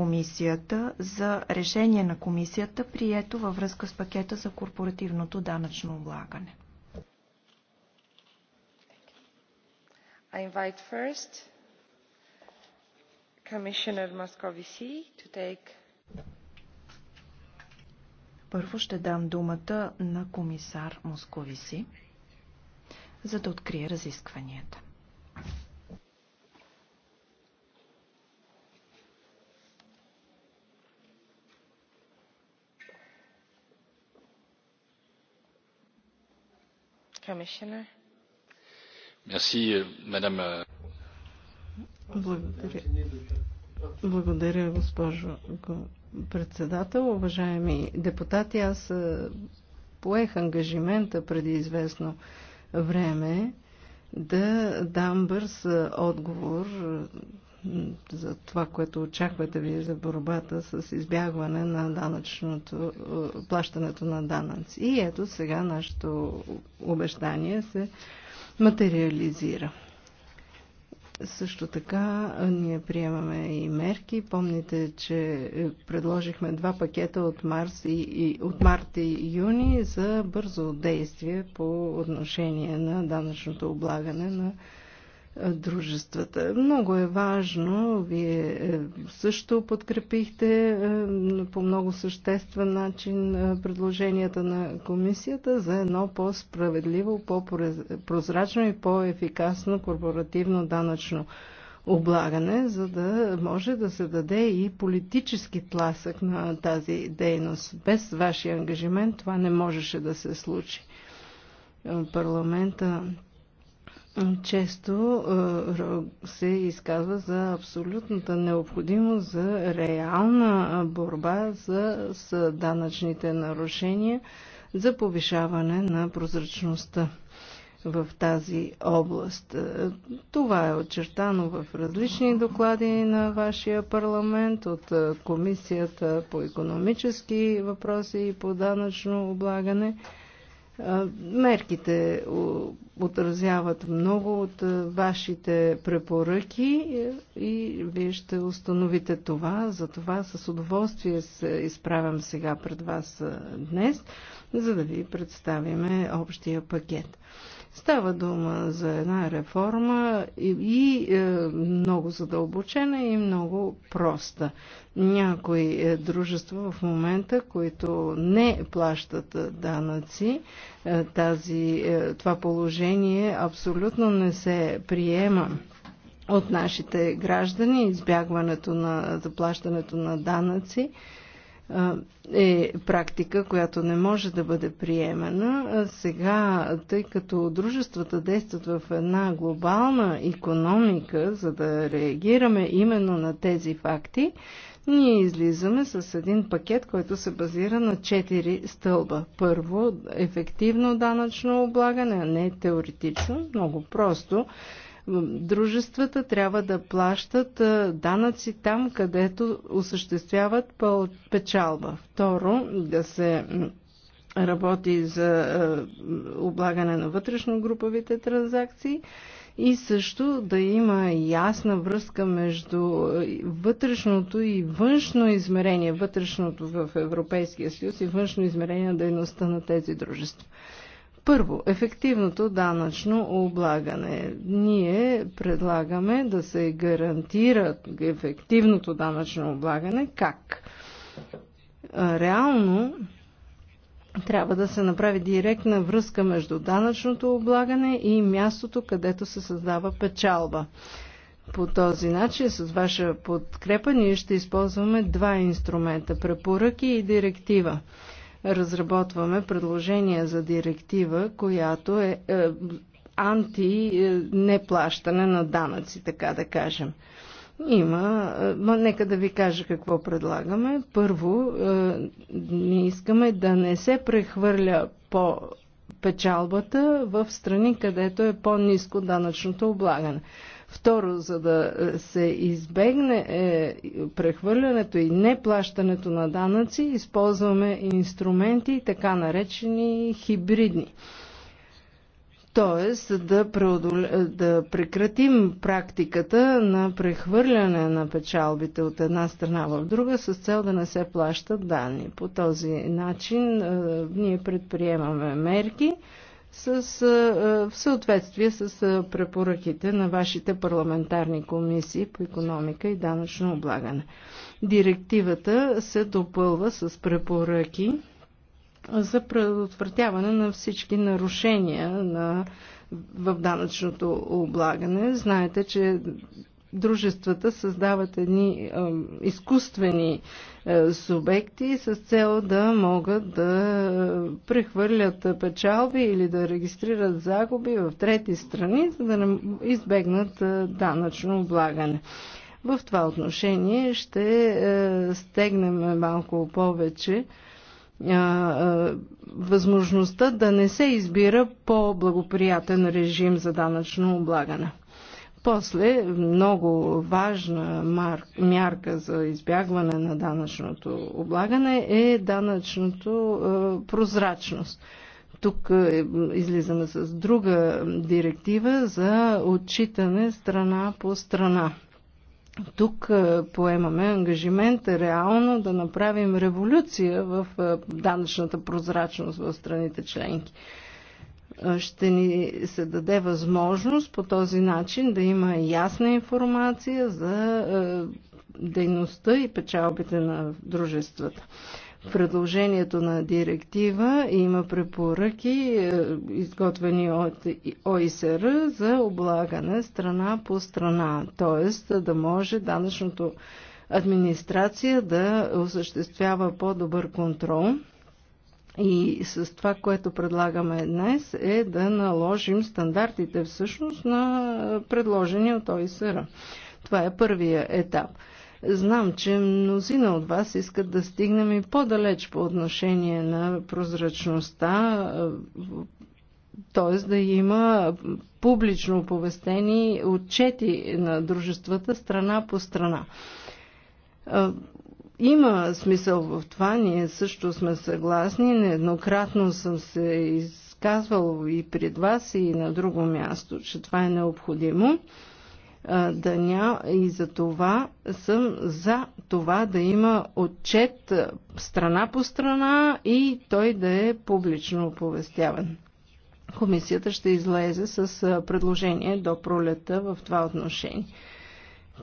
комисията за решение на комисията, прието във връзка с пакета за корпоративното данъчно облагане. I invite first Commissioner Moscovici to take Първо ще дам думата на комисар Московиси, за да открие разискванията. Euh, Благодаря. госпожо председател. Уважаеми депутати, аз е, поех ангажимента преди известно време да дам бърз е, отговор е, за това, което очаквате ви за борбата с избягване на данъчното, е, плащането на данъци. И ето сега нашето обещание се материализира. Също така е, ние приемаме и мерки. Помните, че е, предложихме два пакета от, марс и, и, от март и юни за бързо действие по отношение на данъчното облагане на дружествата. Много е важно, вие е, също подкрепихте е, по много съществен начин е, предложенията на комисията за едно по-справедливо, по-прозрачно и по-ефикасно корпоративно данъчно облагане, за да може да се даде и политически тласък на тази дейност. Без вашия ангажимент това не можеше да се случи. Парламента често се изказва за абсолютната необходимост за реална борба за с данъчните нарушения, за повишаване на прозрачността в тази област. Това е очертано в различни доклади на вашия парламент, от Комисията по економически въпроси и по данъчно облагане – Мерките отразяват много от вашите препоръки е, и вие ще установите това. Затова с удоволствие се изправям сега пред вас днес, за да ви представим общия пакет. Става дума за една реформа и, и е, много задълбочена и много проста. Някои е, дружества в момента, които не плащат е, данъци, е, тази, е, това положение абсолютно не се приема от нашите граждани, избягването на заплащането на данъци е практика, която не може да бъде приемана. Сега, тъй като дружествата действат в една глобална економика, за да реагираме именно на тези факти, ние излизаме с един пакет, който се базира на четири стълба. Първо, ефективно данъчно облагане, а не теоретично, много просто дружествата трябва да плащат данъци там, където осъществяват печалба. Второ, да се работи за облагане на вътрешно-груповите транзакции и също да има ясна връзка между вътрешното и външно измерение, вътрешното в Европейския съюз и външно измерение на дейността на тези дружества. Първо, ефективното данъчно облагане. Ние предлагаме да се гарантира ефективното данъчно облагане. Как? Реално трябва да се направи директна връзка между данъчното облагане и мястото, където се създава печалба. По този начин, с ваша подкрепа, ние ще използваме два инструмента – препоръки и директива разработваме предложение за директива, която е, е анти-неплащане е, на данъци, така да кажем. Има, е, ма нека да ви кажа какво предлагаме. Първо, не искаме да не се прехвърля по печалбата в страни, където е по-низко данъчното облагане. Второ, за да е, се избегне е, прехвърлянето и неплащането на данъци, използваме инструменти, така наречени хибридни Тоест, Да, преодол... да прекратим практиката на прехвърляне на печалбите от една страна в друга с цел да не се плащат данни. По този начин е, ние предприемаме мерки с, в съответствие с препоръките на вашите парламентарни комисии по економика и данъчно облагане. Директивата се допълва с препоръки за предотвратяване на всички нарушения на, в данъчното облагане. Знаете, че дружествата създават едни изкуствени субекти с цел да могат да прехвърлят печалби или да регистрират загуби в трети страни, за да не избегнат данъчно облагане. В това отношение ще стегнем малко повече възможността да не се избира по-благоприятен режим за данъчно облагане. После, много важна мар... мярка за избягване на данъчното облагане е данъчното е, прозрачност. Тук е, излизаме с друга директива за отчитане страна по страна. Тук е, поемаме ангажимент реално да направим революция в е, данъчната прозрачност в страните членки ще ни се даде възможност по този начин да има ясна информация за дейността и печалбите на дружествата. В предложението на директива има препоръки, изготвени от ОИСР, за облагане страна по страна, т.е. да може данъчното администрация да осъществява по-добър контрол и с това, което предлагаме днес, е да наложим стандартите всъщност на предложения от ОИСР. Това е първия етап. Знам, че мнозина от вас искат да стигнем и по-далеч по отношение на прозрачността, т.е. да има публично оповестени отчети на дружествата страна по страна има смисъл в това, ние също сме съгласни, нееднократно съм се изказвал и пред вас и на друго място, че това е необходимо да ня... и за това съм за това да има отчет страна по страна и той да е публично оповестяван. Комисията ще излезе с предложение до пролета в това отношение.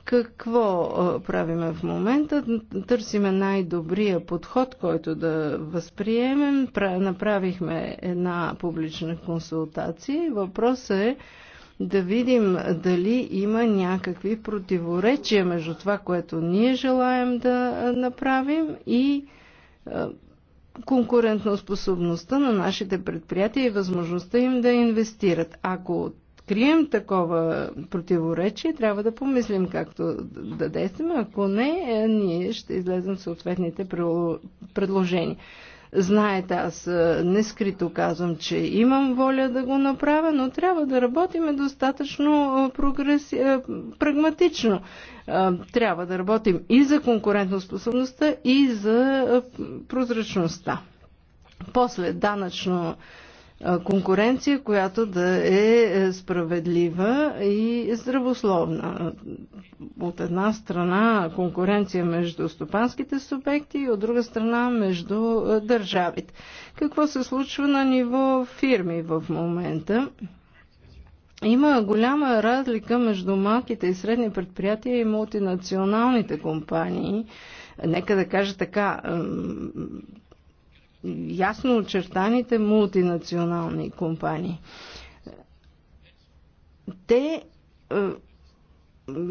Какво правиме в момента? Търсиме най-добрия подход, който да възприемем. Направихме една публична консултация. Въпросът е да видим дали има някакви противоречия между това, което ние желаем да направим и конкурентоспособността на нашите предприятия и възможността им да инвестират. Ако открием такова противоречие, трябва да помислим както да действаме. Ако не, е, ние ще излезем съответните предложения. Знаете, аз е, не скрито казвам, че имам воля да го направя, но трябва да работим достатъчно е, прогреси... прагматично. Трябва да работим и за конкурентоспособността, и за прозрачността. После данъчно конкуренция, която да е, е справедлива и здравословна. От една страна конкуренция между стопанските субекти и от друга страна между държавите. Какво се случва на ниво фирми в момента? Има голяма разлика между малките и средни предприятия и мултинационалните компании. Нека да кажа така, ясно очертаните мултинационални компании. Те е,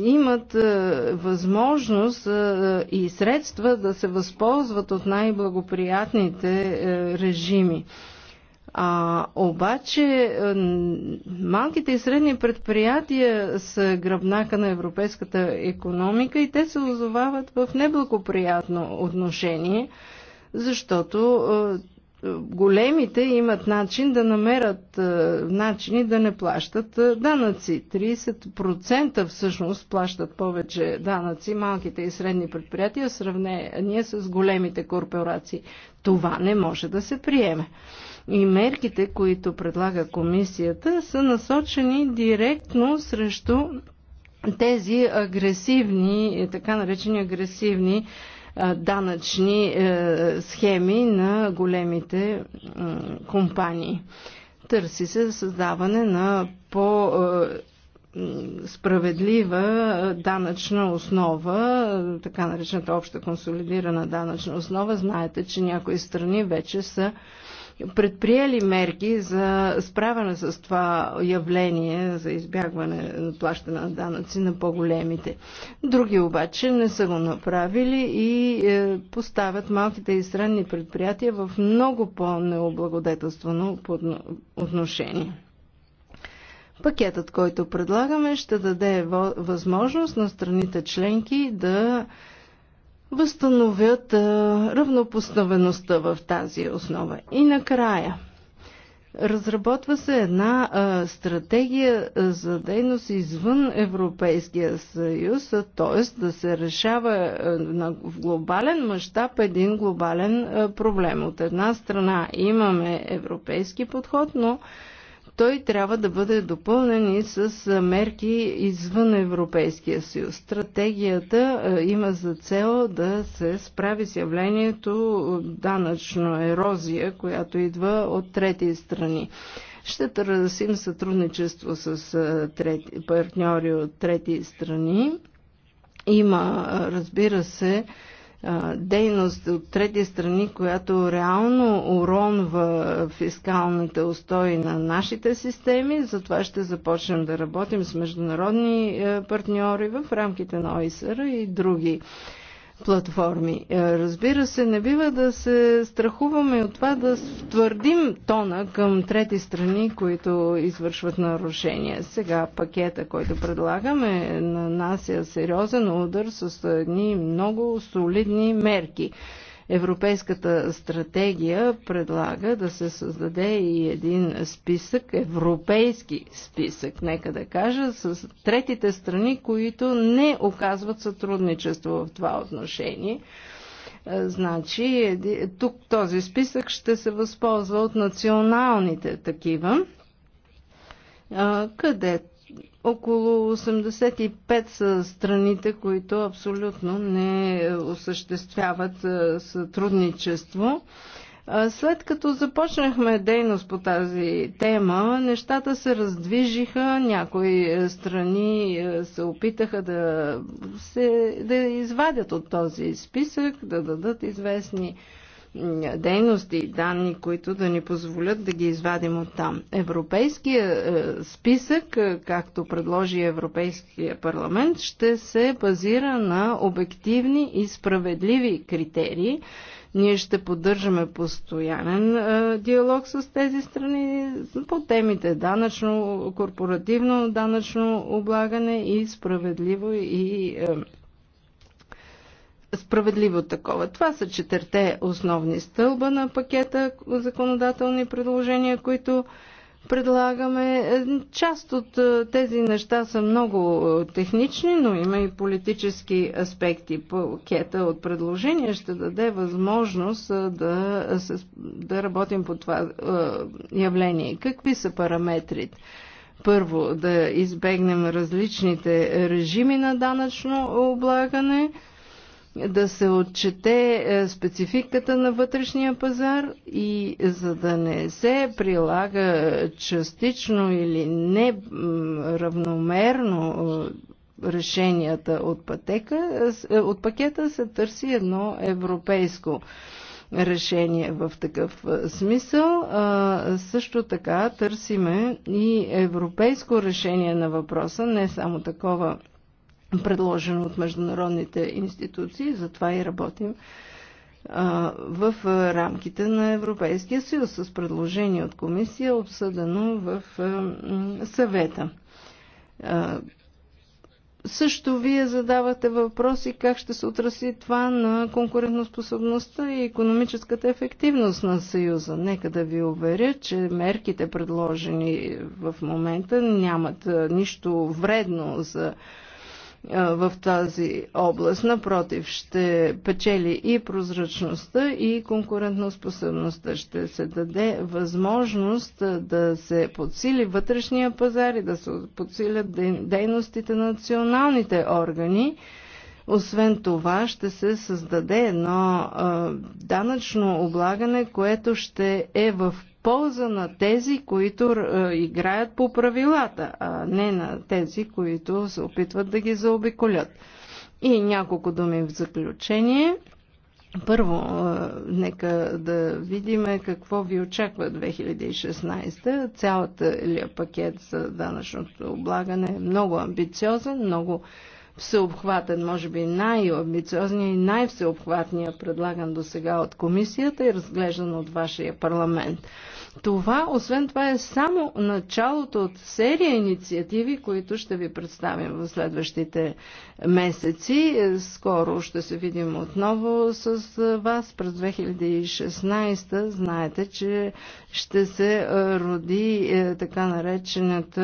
имат е, възможност е, и средства да се възползват от най-благоприятните режими. А, обаче малките и средни предприятия са гръбнака на европейската економика и те се озовават в неблагоприятно отношение – защото големите имат начин да намерят начини да не плащат данъци. 30% всъщност плащат повече данъци малките и средни предприятия в сравнение с големите корпорации. Това не може да се приеме. И мерките, които предлага комисията, са насочени директно срещу тези агресивни, така наречени агресивни данъчни е, схеми на големите компании. Търси се създаване на по е, справедлива е, данъчна основа, така наречената обща консолидирана данъчна основа. Знаете, че някои страни вече са предприели мерки за справяне с това явление, за избягване на плащане на данъци на по-големите. Други обаче не са го направили и е, поставят малките и средни предприятия в много по-необлагодетелствено отношение. Пакетът, който предлагаме, ще даде възможност на страните членки да възстановят равнопоставеността в тази основа. И накрая, разработва се една стратегия за дейност извън Европейския съюз, т.е. да се решава в глобален мащаб един глобален проблем. От една страна имаме европейски подход, но той трябва да бъде допълнен и с мерки извън Европейския съюз. Стратегията има за цел да се справи с явлението данъчна ерозия, която идва от трети страни. Ще търсим сътрудничество с трети, партньори от трети страни. Има, разбира се, дейност от трети страни, която реално уронва фискалните устои на нашите системи. Затова ще започнем да работим с международни партньори в рамките на ОИСР и други платформи. Е, разбира се, не бива да се страхуваме от това да твърдим тона към трети страни, които извършват нарушения. Сега пакета, който предлагаме, нанася сериозен удар с едни много солидни мерки Европейската стратегия предлага да се създаде и един списък, европейски списък, нека да кажа, с третите страни, които не оказват сътрудничество в това отношение. Значи, тук този списък ще се възползва от националните такива, където около 85 са страните, които абсолютно не осъществяват сътрудничество. След като започнахме дейност по тази тема, нещата се раздвижиха, някои е, страни е, се опитаха да, се, да извадят от този списък, да дадат известни дейности и данни, които да ни позволят да ги извадим от там. Европейския е, списък, е, както предложи Европейския парламент, ще се базира на обективни и справедливи критерии. Ние ще поддържаме постоянен е, диалог с тези страни по темите данъчно, корпоративно данъчно облагане и справедливо и справедливо такова. Това са четирте основни стълба на пакета законодателни предложения, които предлагаме. Част от е, тези неща са много е, технични, но има и политически аспекти. Пакета от предложения ще даде възможност е, да, да работим по това явление. Какви са параметрите? Първо, да избегнем различните режими на данъчно облагане – да се отчете е, спецификата на вътрешния пазар и за да не се прилага частично или неравномерно е, решенията от, пътека, е, от пакета се търси едно европейско решение в такъв смисъл. А, също така търсиме и европейско решение на въпроса, не само такова предложено от международните институции, затова и работим в рамките на Европейския съюз с предложение от комисия, обсъдено в съвета. Също вие задавате въпроси как ще се отраси това на конкурентоспособността и економическата ефективност на Съюза. Нека да ви уверя, че мерките предложени в момента нямат нищо вредно за в тази област. Напротив, ще печели и прозрачността, и конкурентноспособността. Ще се даде възможност да се подсили вътрешния пазар и да се подсилят дейностите на националните органи. Освен това, ще се създаде едно а, данъчно облагане, което ще е в полза на тези, които е, играят по правилата, а не на тези, които се опитват да ги заобиколят. И няколко думи в заключение. Първо, е, нека да видим какво ви очаква 2016. Цялата ли е пакет за данъчното облагане е много амбициозен, много всеобхватен, може би най-амбициозният и най-всеобхватният предлаган до сега от комисията и разглеждан от вашия парламент. Това, освен това, е само началото от серия инициативи, които ще ви представим в следващите месеци. Скоро ще се видим отново с вас през 2016. Знаете, че ще се е, роди е, така наречената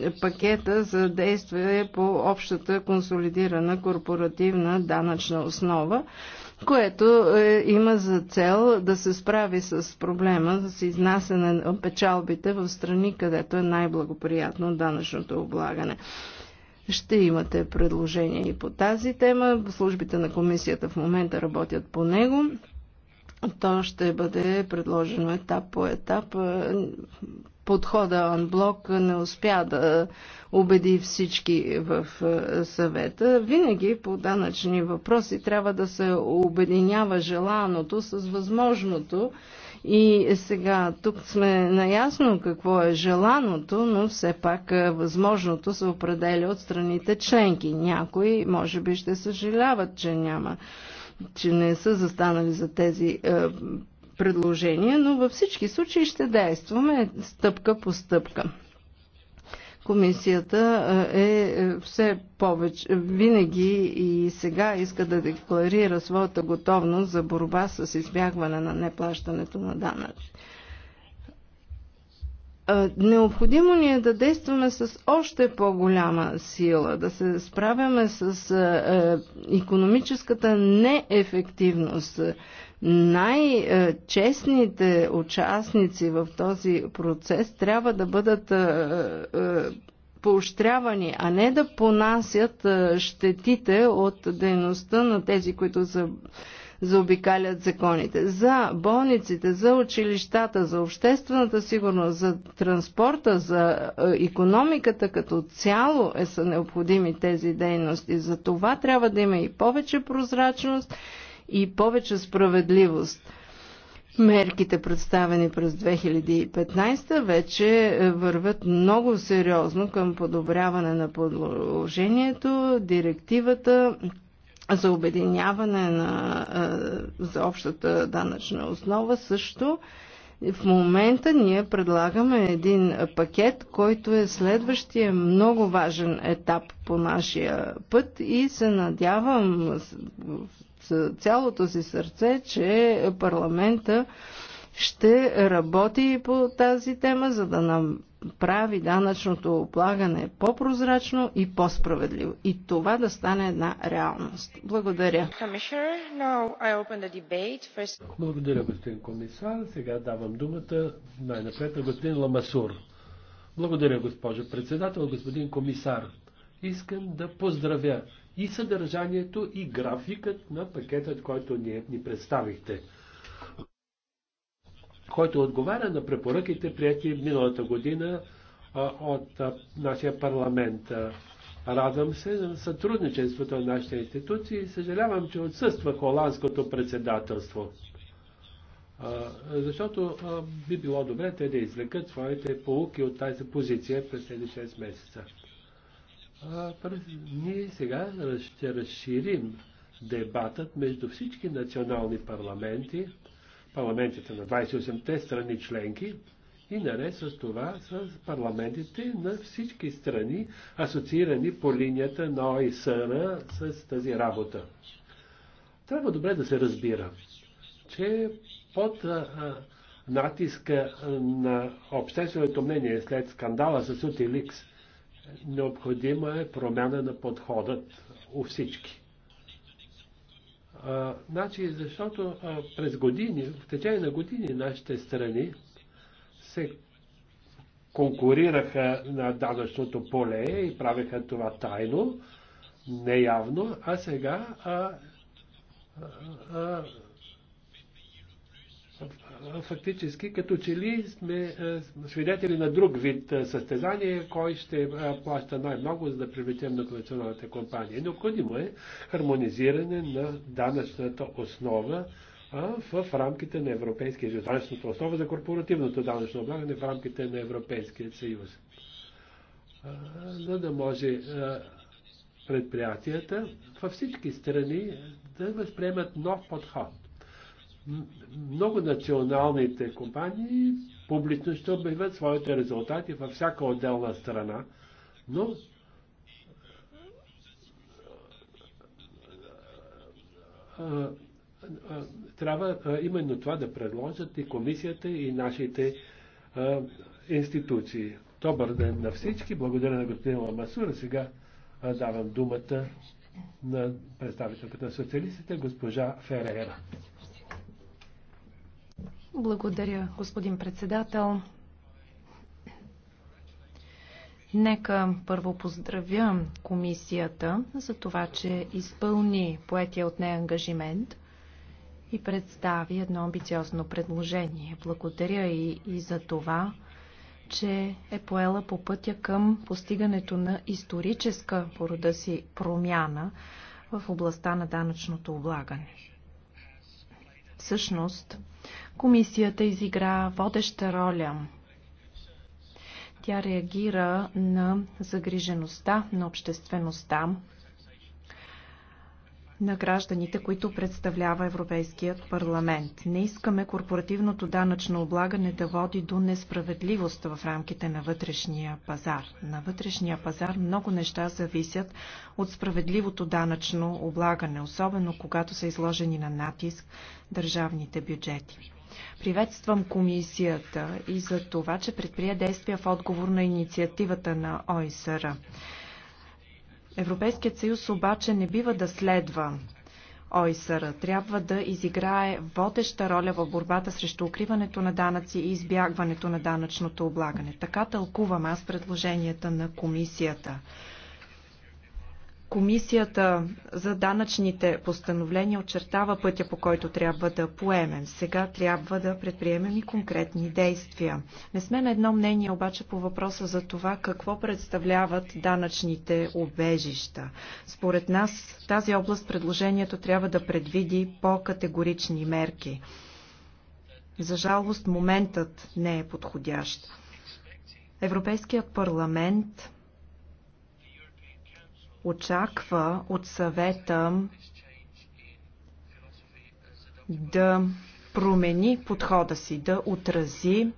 е, пакета за действие по общата консолидирана корпоративна данъчна основа което е, има за цел да се справи с проблема с изнасяне на печалбите в страни, където е най-благоприятно данъчното облагане. Ще имате предложения и по тази тема. Службите на комисията в момента работят по него. То ще бъде предложено етап по етап подхода анблок не успя да убеди всички в е, съвета. Винаги по данъчни въпроси трябва да се обединява желаното с възможното. И сега тук сме наясно какво е желаното, но все пак е, възможното се определя от страните членки. Някои може би ще съжаляват, че няма че не са застанали за тези е, предложения, но във всички случаи ще действаме стъпка по стъпка. Комисията е, е все повече, винаги и сега иска да декларира своята готовност за борба с избягване на неплащането на данъци. Необходимо ни е да действаме с още по-голяма сила, да се справяме с економическата неефективност, най-честните участници в този процес трябва да бъдат е, е, поощрявани, а не да понасят е, щетите от дейността на тези, които са заобикалят законите. За болниците, за училищата, за обществената сигурност, за транспорта, за економиката като цяло е са необходими тези дейности. За това трябва да има и повече прозрачност и повече справедливост. Мерките, представени през 2015, вече е, върват много сериозно към подобряване на положението. Директивата за обединяване на, е, за общата данъчна основа също. В момента ние предлагаме един пакет, който е следващия много важен етап по нашия път и се надявам цялото си сърце, че парламента ще работи по тази тема, за да нам прави данъчното облагане по-прозрачно и по-справедливо. И това да стане една реалност. Благодаря. Благодаря, господин комисар. Сега давам думата най-напред на господин Ламасур. Благодаря, госпожо председател, господин комисар. Искам да поздравя и съдържанието и графикът на пакетът, който ние ни представихте, който отговаря на препоръките, прияти миналата година а, от а, нашия парламент. Радвам се на сътрудничеството на нашите институции и съжалявам, че отсъства холандското председателство. А, защото а, би било добре те да извлекат своите полуки от тази позиция през тези 6 месеца ние сега ще разширим дебатът между всички национални парламенти, парламентите на 28-те страни членки и наред с това с парламентите на всички страни, асоциирани по линията на ОИСР с тази работа. Трябва добре да се разбира, че под а, натиска на общественото мнение след скандала с Утиликс – Необходима е промяна на подходът у всички. А, значи, защото а, през години, в течение на години нашите страни се конкурираха на данъчното поле и правеха това тайно, неявно, а сега а, а, а, фактически като че ли сме свидетели на друг вид състезание, кой ще плаща най-много, за да привлечем националните компании. Необходимо е хармонизиране на данъчната основа в рамките на Европейския съюз. Данъчната основа за корпоративното данъчно облагане в рамките на Европейския съюз. За да може предприятията във всички страни да възприемат нов подход много националните компании публично ще обявят своите резултати във всяка отделна страна, но трябва именно това да предложат и комисията, и нашите институции. Добър ден на всички. Благодаря на господин Ламасура. Сега давам думата на представителката на социалистите, госпожа Ферера. Благодаря, господин председател. Нека първо поздравя комисията за това, че изпълни поетия от нея ангажимент и представи едно амбициозно предложение. Благодаря и, и за това, че е поела по пътя към постигането на историческа порода си промяна в областта на данъчното облагане. Всъщност, комисията изигра водеща роля. Тя реагира на загрижеността на обществеността на гражданите, които представлява Европейският парламент. Не искаме корпоративното данъчно облагане да води до несправедливост в рамките на вътрешния пазар. На вътрешния пазар много неща зависят от справедливото данъчно облагане, особено когато са изложени на натиск държавните бюджети. Приветствам комисията и за това, че предприе действия в отговор на инициативата на ОИСР. Европейският съюз обаче не бива да следва ОИСР. Трябва да изиграе водеща роля в борбата срещу укриването на данъци и избягването на данъчното облагане. Така тълкувам аз предложенията на комисията. Комисията за данъчните постановления очертава пътя, по който трябва да поемем. Сега трябва да предприемем и конкретни действия. Не сме на едно мнение обаче по въпроса за това какво представляват данъчните обежища. Според нас в тази област предложението трябва да предвиди по-категорични мерки. За жалост моментът не е подходящ. Европейският парламент очаква от съвета да промени подхода си, да отрази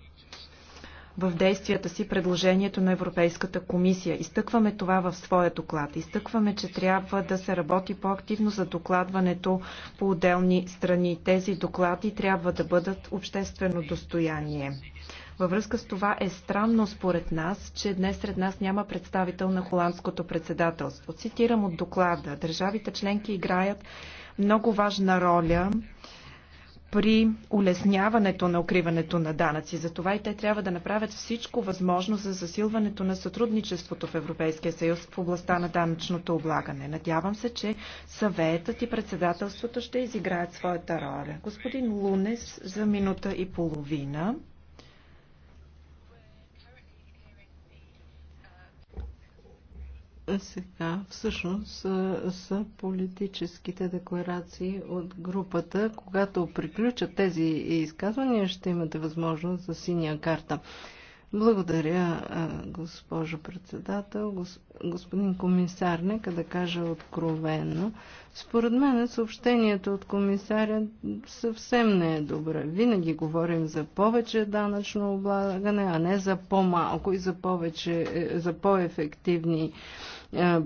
в действията си предложението на Европейската комисия. Изтъкваме това в своя доклад. Изтъкваме, че трябва да се работи по-активно за докладването по отделни страни. Тези доклади трябва да бъдат обществено достояние. Във връзка с това е странно според нас, че днес сред нас няма представител на холандското председателство. Цитирам от доклада. Държавите членки играят много важна роля при улесняването на укриването на данъци. Затова и те трябва да направят всичко възможно за засилването на сътрудничеството в Европейския съюз в областта на данъчното облагане. Надявам се, че съветът и председателството ще изиграят своята роля. Господин Лунес за минута и половина. сега всъщност са политическите декларации от групата. Когато приключат тези изказвания, ще имате възможност за синия карта. Благодаря, госпожо председател. Гос... Господин комисар, нека да кажа откровенно. Според мен съобщението от комисаря съвсем не е добре. Винаги говорим за повече данъчно облагане, а не за по-малко и за, повече, е, за по-ефективни е,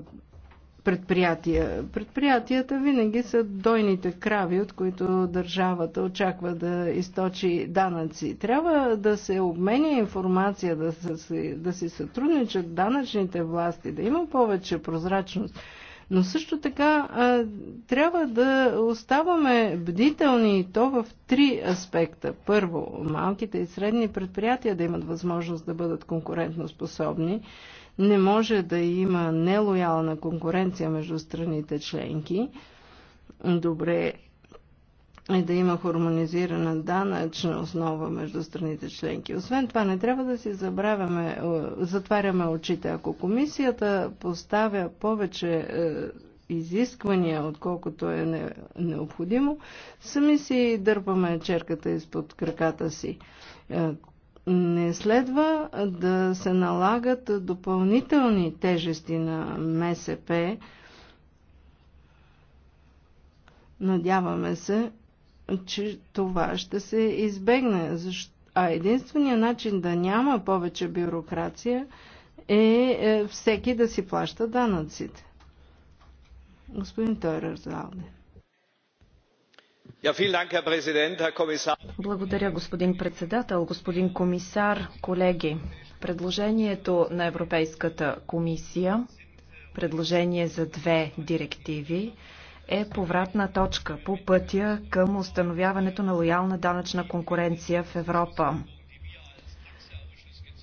предприятия. Предприятията винаги са дойните крави, от които държавата очаква да източи данъци. Трябва да се обменя информация, да, се, да се сътрудничат данъчните власти, да има повече прозрачност. Но също така а, е, трябва да оставаме бдителни и то в три аспекта. Първо, малките и средни предприятия да имат възможност да бъдат конкурентно способни. Не може да има нелоялна конкуренция между страните членки. Добре е да има хармонизирана данъчна основа между страните членки. Освен това, не трябва да си забравяме, е, затваряме очите. Ако комисията поставя повече е, изисквания, отколкото е необходимо, сами си дърпаме черката изпод краката си. Е, не следва да се налагат допълнителни тежести на МСП. Надяваме се, че това ще се избегне. А единственият начин да няма повече бюрокрация е, е всеки да си плаща данъците. Господин Тойрер Залден. Благодаря, господин председател, господин комисар, колеги. Предложението на Европейската комисия, предложение за две директиви, е повратна точка по пътя към установяването на лоялна данъчна конкуренция в Европа.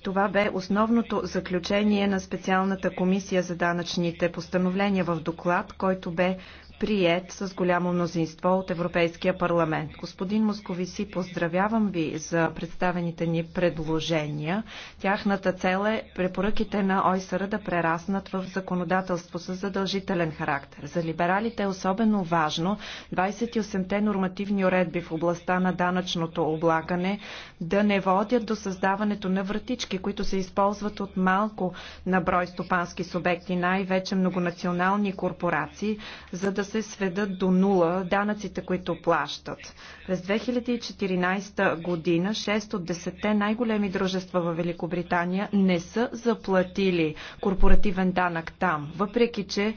Това бе основното заключение на специалната комисия за данъчните постановления в доклад, който бе прият с голямо мнозинство от Европейския парламент. Господин Московиси, поздравявам ви за представените ни предложения. Тяхната цел е препоръките на ОИСР да прераснат в законодателство с задължителен характер. За либералите е особено важно 28-те нормативни уредби в областта на данъчното облагане да не водят до създаването на вратички, които се използват от малко на брой стопански субекти, най-вече многонационални корпорации, за да се сведат до нула данъците, които плащат. През 2014 година 6 от 10 най-големи дружества в Великобритания не са заплатили корпоративен данък там, въпреки че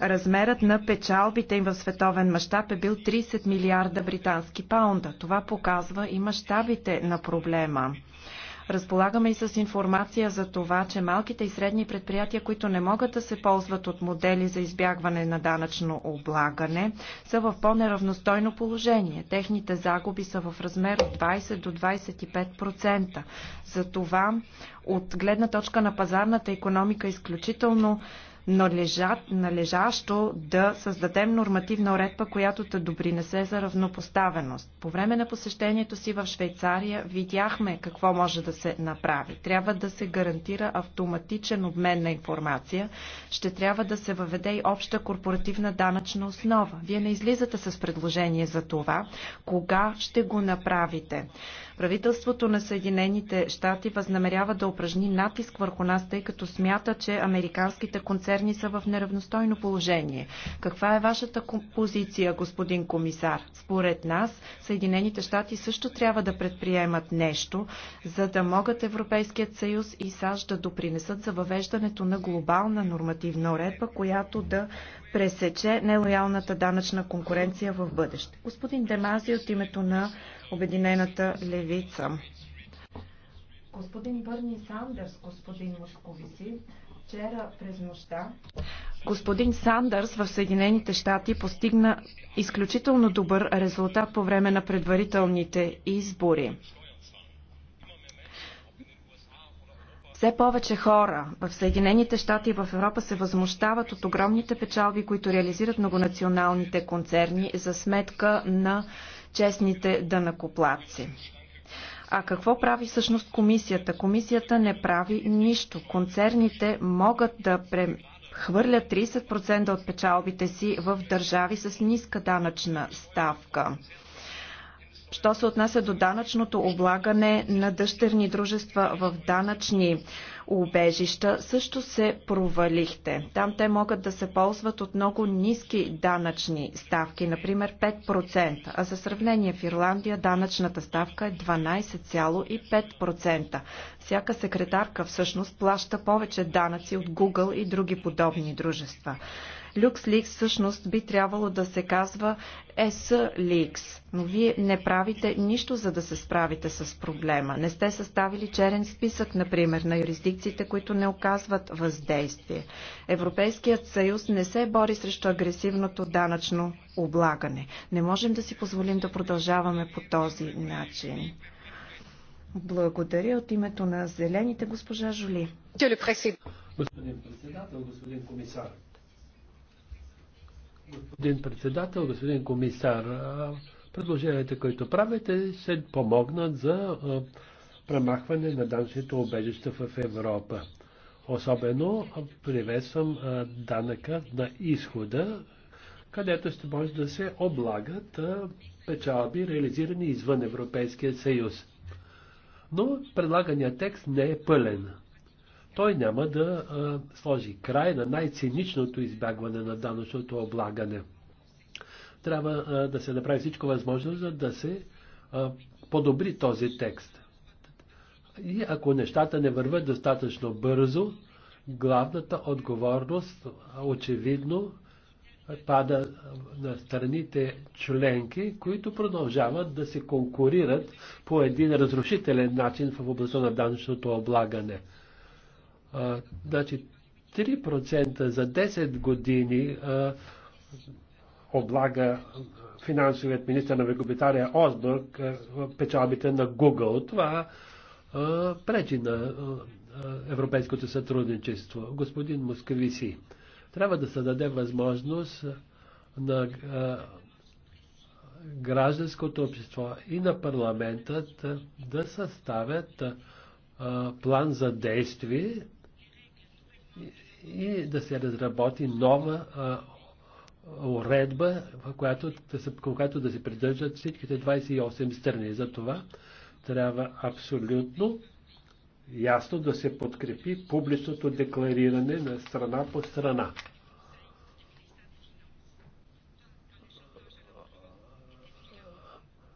размерът на печалбите им в световен мащаб е бил 30 милиарда британски паунда. Това показва и мащабите на проблема. Разполагаме и с информация за това, че малките и средни предприятия, които не могат да се ползват от модели за избягване на данъчно облагане, са в по-неравностойно положение. Техните загуби са в размер от 20 до 25%. За това от гледна точка на пазарната економика е изключително належа, належащо да създадем нормативна уредба, която да допринесе за равнопоставеност. По време на посещението си в Швейцария видяхме какво може да се направи. Трябва да се гарантира автоматичен обмен на информация. Ще трябва да се въведе и обща корпоративна данъчна основа. Вие не излизате с предложение за това. Кога ще го направите? Правителството на Съединените щати възнамерява да упражни натиск върху нас, тъй като смята, че американските концепции концерни са в неравностойно положение. Каква е вашата позиция, господин комисар? Според нас, Съединените щати също трябва да предприемат нещо, за да могат Европейският съюз и САЩ да допринесат за въвеждането на глобална нормативна уредба, която да пресече нелоялната данъчна конкуренция в бъдеще. Господин Демази от името на Обединената левица. Господин Бърни Сандърс, господин Московици, Вчера през нощта господин Сандърс в Съединените щати постигна изключително добър резултат по време на предварителните избори. Все повече хора в Съединените щати и в Европа се възмущават от огромните печалби, които реализират многонационалните концерни за сметка на честните дънакоплаци. А какво прави всъщност комисията? Комисията не прави нищо. Концерните могат да прехвърлят хвърлят 30% от печалбите си в държави с ниска данъчна ставка. Що се отнася до данъчното облагане на дъщерни дружества в данъчни убежища, също се провалихте. Там те могат да се ползват от много ниски данъчни ставки, например 5%, а за сравнение в Ирландия данъчната ставка е 12,5%. Всяка секретарка всъщност плаща повече данъци от Google и други подобни дружества. LuxLeaks всъщност би трябвало да се казва С Ликс, Но вие не правите нищо, за да се справите с проблема. Не сте съставили черен списък, например, на юрисдикциите, които не оказват въздействие. Европейският съюз не се бори срещу агресивното данъчно облагане. Не можем да си позволим да продължаваме по този начин. Благодаря от името на зелените госпожа Жоли. Господин председател, господин комисар. Господин председател, господин комисар, предложенията, които правите, ще помогнат за премахване на данъчните обежища в Европа. Особено приветствам данъка на изхода, където ще може да се облагат печалби, реализирани извън Европейския съюз. Но предлагания текст не е пълен той няма да а, сложи край на най-циничното избягване на данъчното облагане. Трябва а, да се направи всичко възможно, за да се а, подобри този текст. И ако нещата не върват достатъчно бързо, главната отговорност очевидно пада на страните членки, които продължават да се конкурират по един разрушителен начин в областта на данъчното облагане. А, значи 3% за 10 години а, облага финансовият министр на Великобритания Осбърг печалбите на Google. Това а, пречи на а, европейското сътрудничество. Господин Москвиси, трябва да се даде възможност на а, гражданското общество и на парламентът да съставят план за действие и да се разработи нова а, уредба, в която да се, която да се придържат всичките 28 страни. За това трябва абсолютно ясно да се подкрепи публичното деклариране на страна по страна.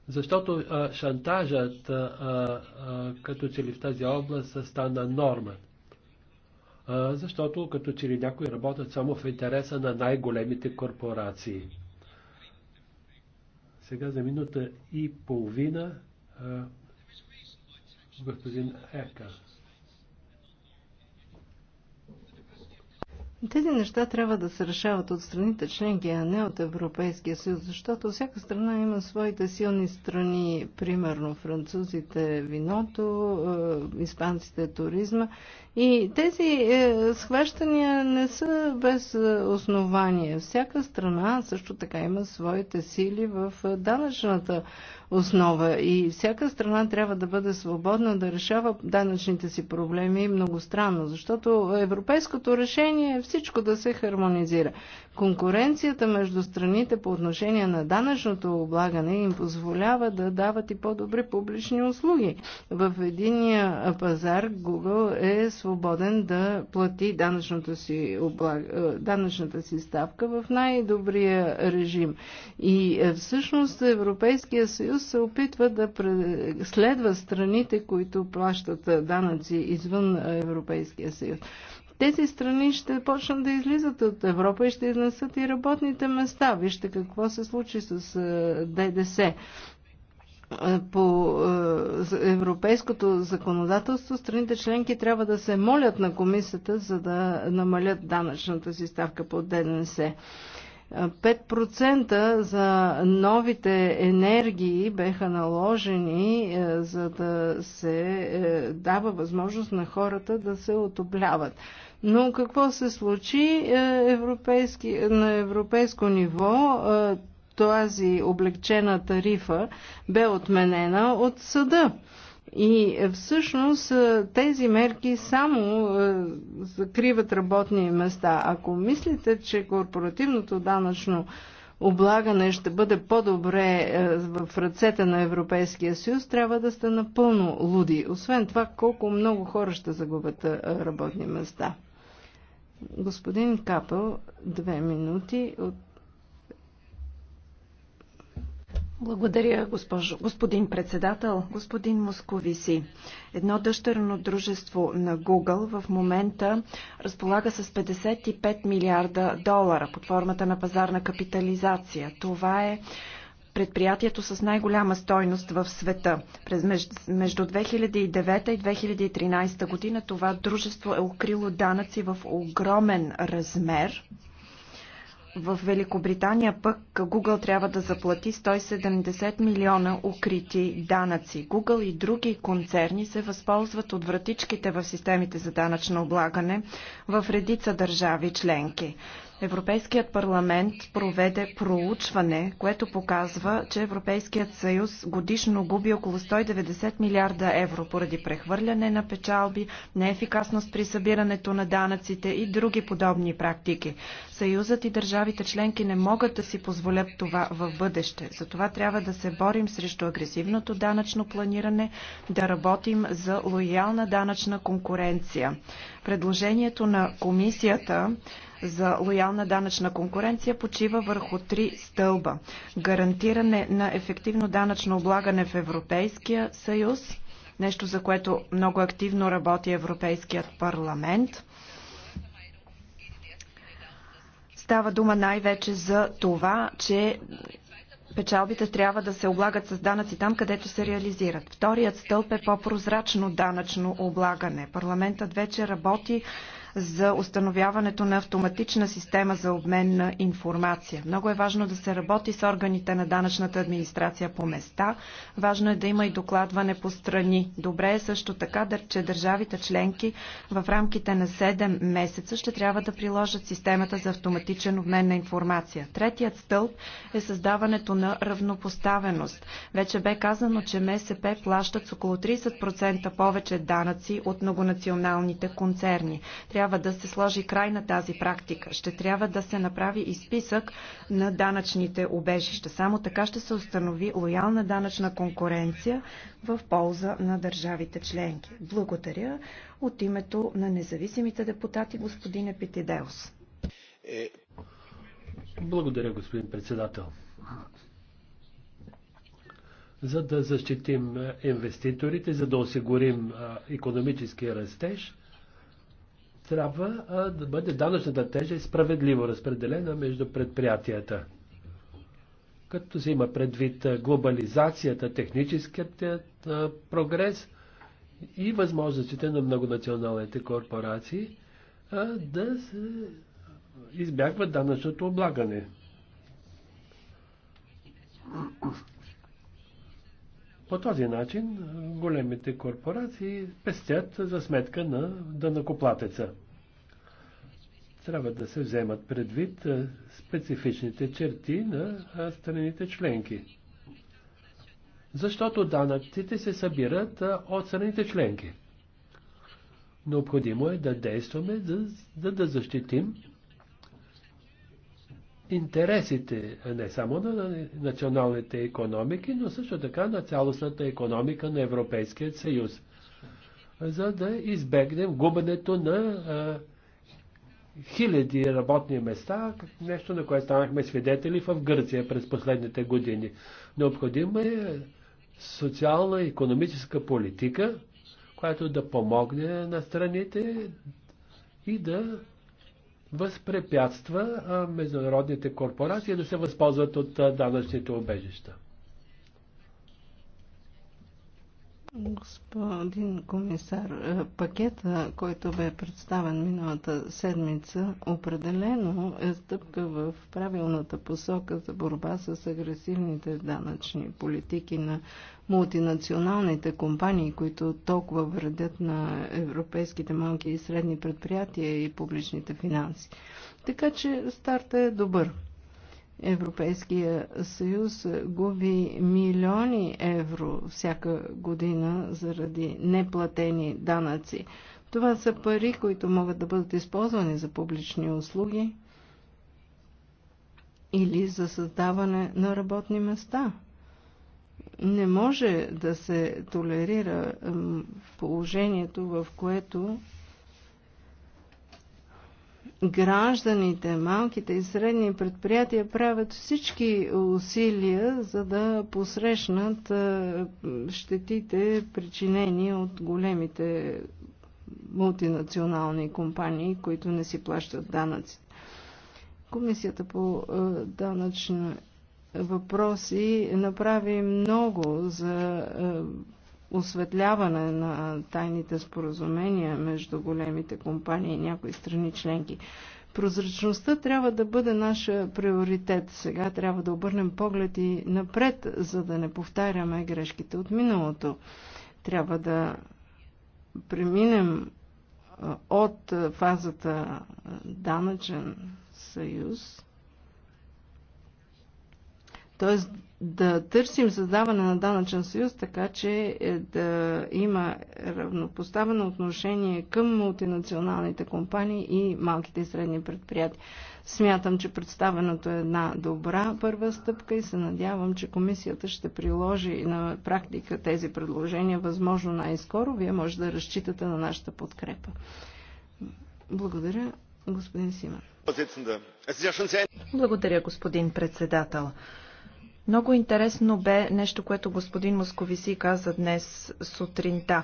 Защото а, шантажът а, а, като че ли в тази област стана норма защото като че ли някои работят само в интереса на най-големите корпорации. Сега за минута и половина господин Ека. Тези неща трябва да се решават от страните членки, а не от Европейския съюз, защото всяка страна има своите силни страни, примерно французите виното, испанците туризма и тези е, схващания не са без е, основания. Всяка страна също така има своите сили в е, данъчната основа и всяка страна трябва да бъде свободна да решава данъчните си проблеми многостранно, защото европейското решение е всичко да се хармонизира. Конкуренцията между страните по отношение на данъчното облагане им позволява да дават и по-добри публични услуги. В единия пазар Google е свободен да плати данъчната си, облаг... Е, данъчната си ставка в най-добрия режим. И е, всъщност Европейския съюз се опитва да следва страните, които плащат е, данъци извън Европейския съюз тези страни ще почнат да излизат от Европа и ще изнесат и работните места. Вижте какво се случи с ДДС по европейското законодателство страните членки трябва да се молят на комисията, за да намалят данъчната си ставка по ДНС. 5% за новите енергии беха наложени, за да се е, дава възможност на хората да се отопляват. Но какво се случи е, европейски, на европейско ниво? Е, тази облегчена тарифа бе отменена от съда. И е, всъщност е, тези мерки само е, закриват работни места. Ако мислите, че корпоративното данъчно облагане ще бъде по-добре в ръцете на Европейския съюз, трябва да сте напълно луди. Освен това, колко много хора ще загубят работни места. Господин Капел, две минути от Благодаря, госпожо. господин председател. Господин Московиси, едно дъщерно дружество на Google в момента разполага с 55 милиарда долара под формата на пазарна капитализация. Това е предприятието с най-голяма стойност в света. През между 2009 и 2013 година това дружество е укрило данъци в огромен размер в Великобритания пък Google трябва да заплати 170 милиона укрити данъци. Google и други концерни се възползват от вратичките в системите за данъчно облагане в редица държави членки. Европейският парламент проведе проучване, което показва, че Европейският съюз годишно губи около 190 милиарда евро поради прехвърляне на печалби, неефикасност при събирането на данъците и други подобни практики. Съюзът и държавите членки не могат да си позволят това в бъдеще. Затова трябва да се борим срещу агресивното данъчно планиране, да работим за лоялна данъчна конкуренция. Предложението на комисията за лоялна данъчна конкуренция почива върху три стълба. Гарантиране на ефективно данъчно облагане в Европейския съюз, нещо за което много активно работи Европейският парламент. Става дума най-вече за това, че печалбите трябва да се облагат с данъци там, където се реализират. Вторият стълб е по-прозрачно данъчно облагане. Парламентът вече работи за установяването на автоматична система за обмен на информация. Много е важно да се работи с органите на данъчната администрация по места. Важно е да има и докладване по страни. Добре е също така, че държавите членки в рамките на 7 месеца ще трябва да приложат системата за автоматичен обмен на информация. Третият стълб е създаването на равнопоставеност. Вече бе казано, че МСП плащат с около 30% повече данъци от многонационалните концерни. Трябва трябва да се сложи край на тази практика. Ще трябва да се направи и списък на данъчните убежища. Само така ще се установи лоялна данъчна конкуренция в полза на държавите членки. Благодаря от името на независимите депутати господин Епитидеус. Благодаря, господин председател. За да защитим инвеститорите, за да осигурим економическия растеж, трябва а, да бъде данъчната тежест справедливо разпределена между предприятията. Като се има предвид глобализацията, техническият прогрес и възможностите на многонационалните корпорации а, да се избягват данъчното облагане. По този начин големите корпорации пестят за сметка на дънакоплатеца. Трябва да се вземат предвид специфичните черти на страните членки. Защото данъците се събират от страните членки. Необходимо е да действаме, за да, да защитим интересите не само на националните економики, но също така на цялостната економика на Европейския съюз, за да избегнем губенето на а, хиляди работни места, нещо на което станахме свидетели в Гърция през последните години. Необходима е социална и економическа политика, която да помогне на страните и да възпрепятства международните корпорации да се възползват от данъчните обежища. Господин комисар, пакета, който бе представен миналата седмица, определено е стъпка в правилната посока за борба с агресивните данъчни политики на мултинационалните компании, които толкова вредят на европейските малки и средни предприятия и публичните финанси. Така че старта е добър. Европейския съюз губи милиони евро всяка година заради неплатени данъци. Това са пари, които могат да бъдат използвани за публични услуги или за създаване на работни места – не може да се толерира положението, в което гражданите, малките и средни предприятия правят всички усилия, за да посрещнат щетите, причинени от големите мултинационални компании, които не си плащат данъци. Комисията по данъчна въпроси направи много за е, осветляване на тайните споразумения между големите компании и някои страни членки. Прозрачността трябва да бъде наш приоритет. Сега трябва да обърнем поглед и напред, за да не повтаряме грешките от миналото. Трябва да преминем е, от е, фазата данъчен съюз Тоест да търсим създаване на данъчен съюз, така че е, да има равнопоставено отношение към мултинационалните компании и малките и средни предприятия. Смятам, че представеното е една добра първа стъпка и се надявам, че комисията ще приложи на практика тези предложения възможно най-скоро. Вие може да разчитате на нашата подкрепа. Благодаря, господин Симан. Е, Благодаря, господин председател. Много интересно бе нещо, което господин Московиси каза днес сутринта.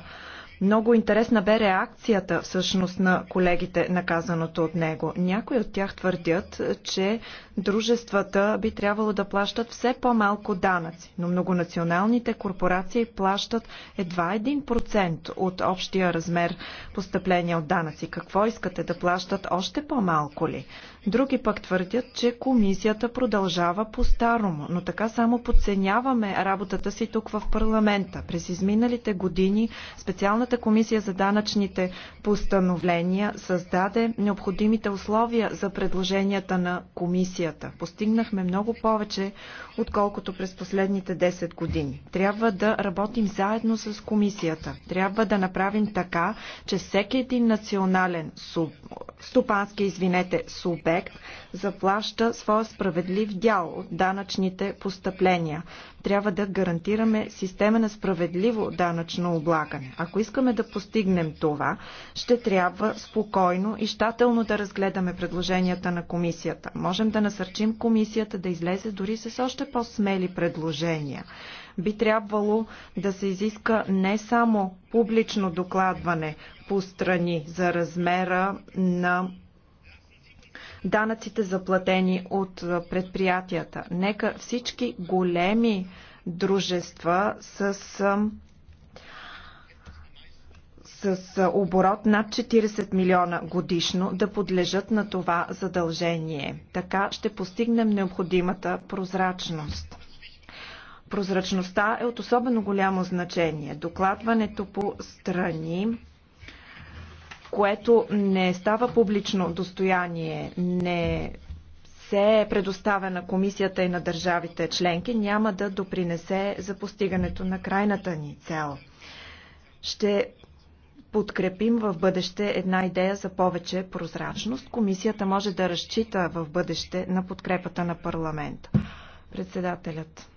Много интересна бе реакцията всъщност на колегите наказаното от него. Някои от тях твърдят, че дружествата би трябвало да плащат все по-малко данъци, но многонационалните корпорации плащат едва 1% от общия размер постъпления от данъци. Какво искате да плащат още по-малко ли? Други пък твърдят, че комисията продължава по-старому, но така само подценяваме работата си тук в парламента. През изминалите години специалната комисия за данъчните постановления създаде необходимите условия за предложенията на комисията. Постигнахме много повече, отколкото през последните 10 години. Трябва да работим заедно с комисията. Трябва да направим така, че всеки един национален суб, стопански, извинете, субект, субект заплаща своя справедлив дял от данъчните постъпления. Трябва да гарантираме система на справедливо данъчно облагане. Ако искаме да постигнем това, ще трябва спокойно и щателно да разгледаме предложенията на комисията. Можем да насърчим комисията да излезе дори с още по-смели предложения би трябвало да се изиска не само публично докладване по страни за размера на данъците заплатени от предприятията. Нека всички големи дружества с с оборот над 40 милиона годишно да подлежат на това задължение. Така ще постигнем необходимата прозрачност. Прозрачността е от особено голямо значение. Докладването по страни което не става публично достояние, не се е предоставя на комисията и на държавите членки, няма да допринесе за постигането на крайната ни цел. Ще подкрепим в бъдеще една идея за повече прозрачност. Комисията може да разчита в бъдеще на подкрепата на парламента. Председателят.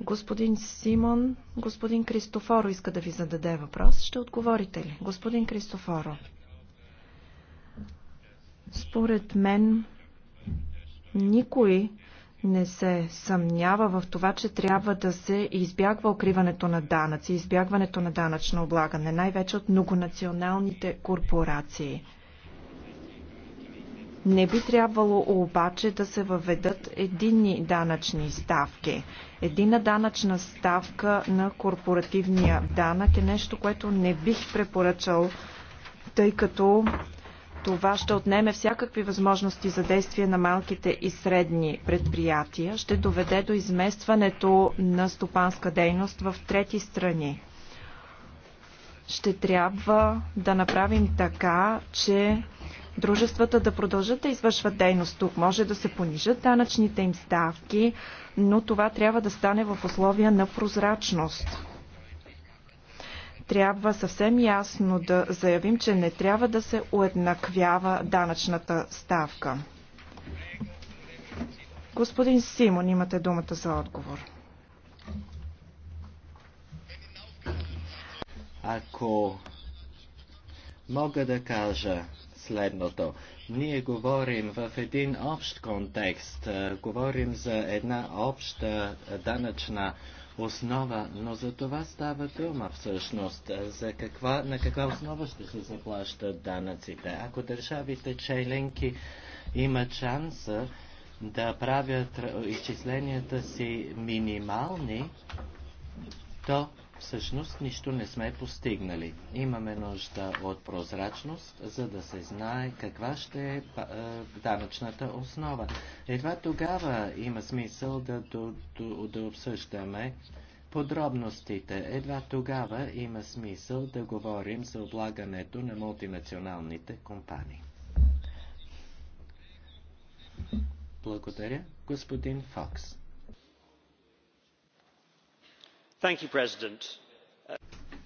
Господин Симон, господин Кристофоро иска да ви зададе въпрос. Ще отговорите ли? Господин Кристофоро. Според мен никой не се съмнява в това, че трябва да се избягва укриването на данъци, избягването на данъчно облагане, най-вече от многонационалните корпорации. Не би трябвало обаче да се въведат единни данъчни ставки. Едина данъчна ставка на корпоративния данък е нещо, което не бих препоръчал, тъй като това ще отнеме всякакви възможности за действие на малките и средни предприятия, ще доведе до изместването на стопанска дейност в трети страни. Ще трябва да направим така, че дружествата да продължат да извършват дейност тук. Може да се понижат данъчните им ставки, но това трябва да стане в условия на прозрачност трябва съвсем ясно да заявим, че не трябва да се уеднаквява данъчната ставка. Господин Симон, имате думата за отговор. Ако мога да кажа, следното. Ние говорим в един общ контекст, говорим за една обща данъчна основа, но за това става дума всъщност. За каква, на каква основа ще се заплащат данъците? Ако държавите членки имат шанса да правят изчисленията си минимални, то всъщност нищо не сме постигнали. Имаме нужда от прозрачност, за да се знае каква ще е данъчната основа. Едва тогава има смисъл да, да, да обсъждаме подробностите. Едва тогава има смисъл да говорим за облагането на мултинационалните компании. Благодаря, господин Фокс mr president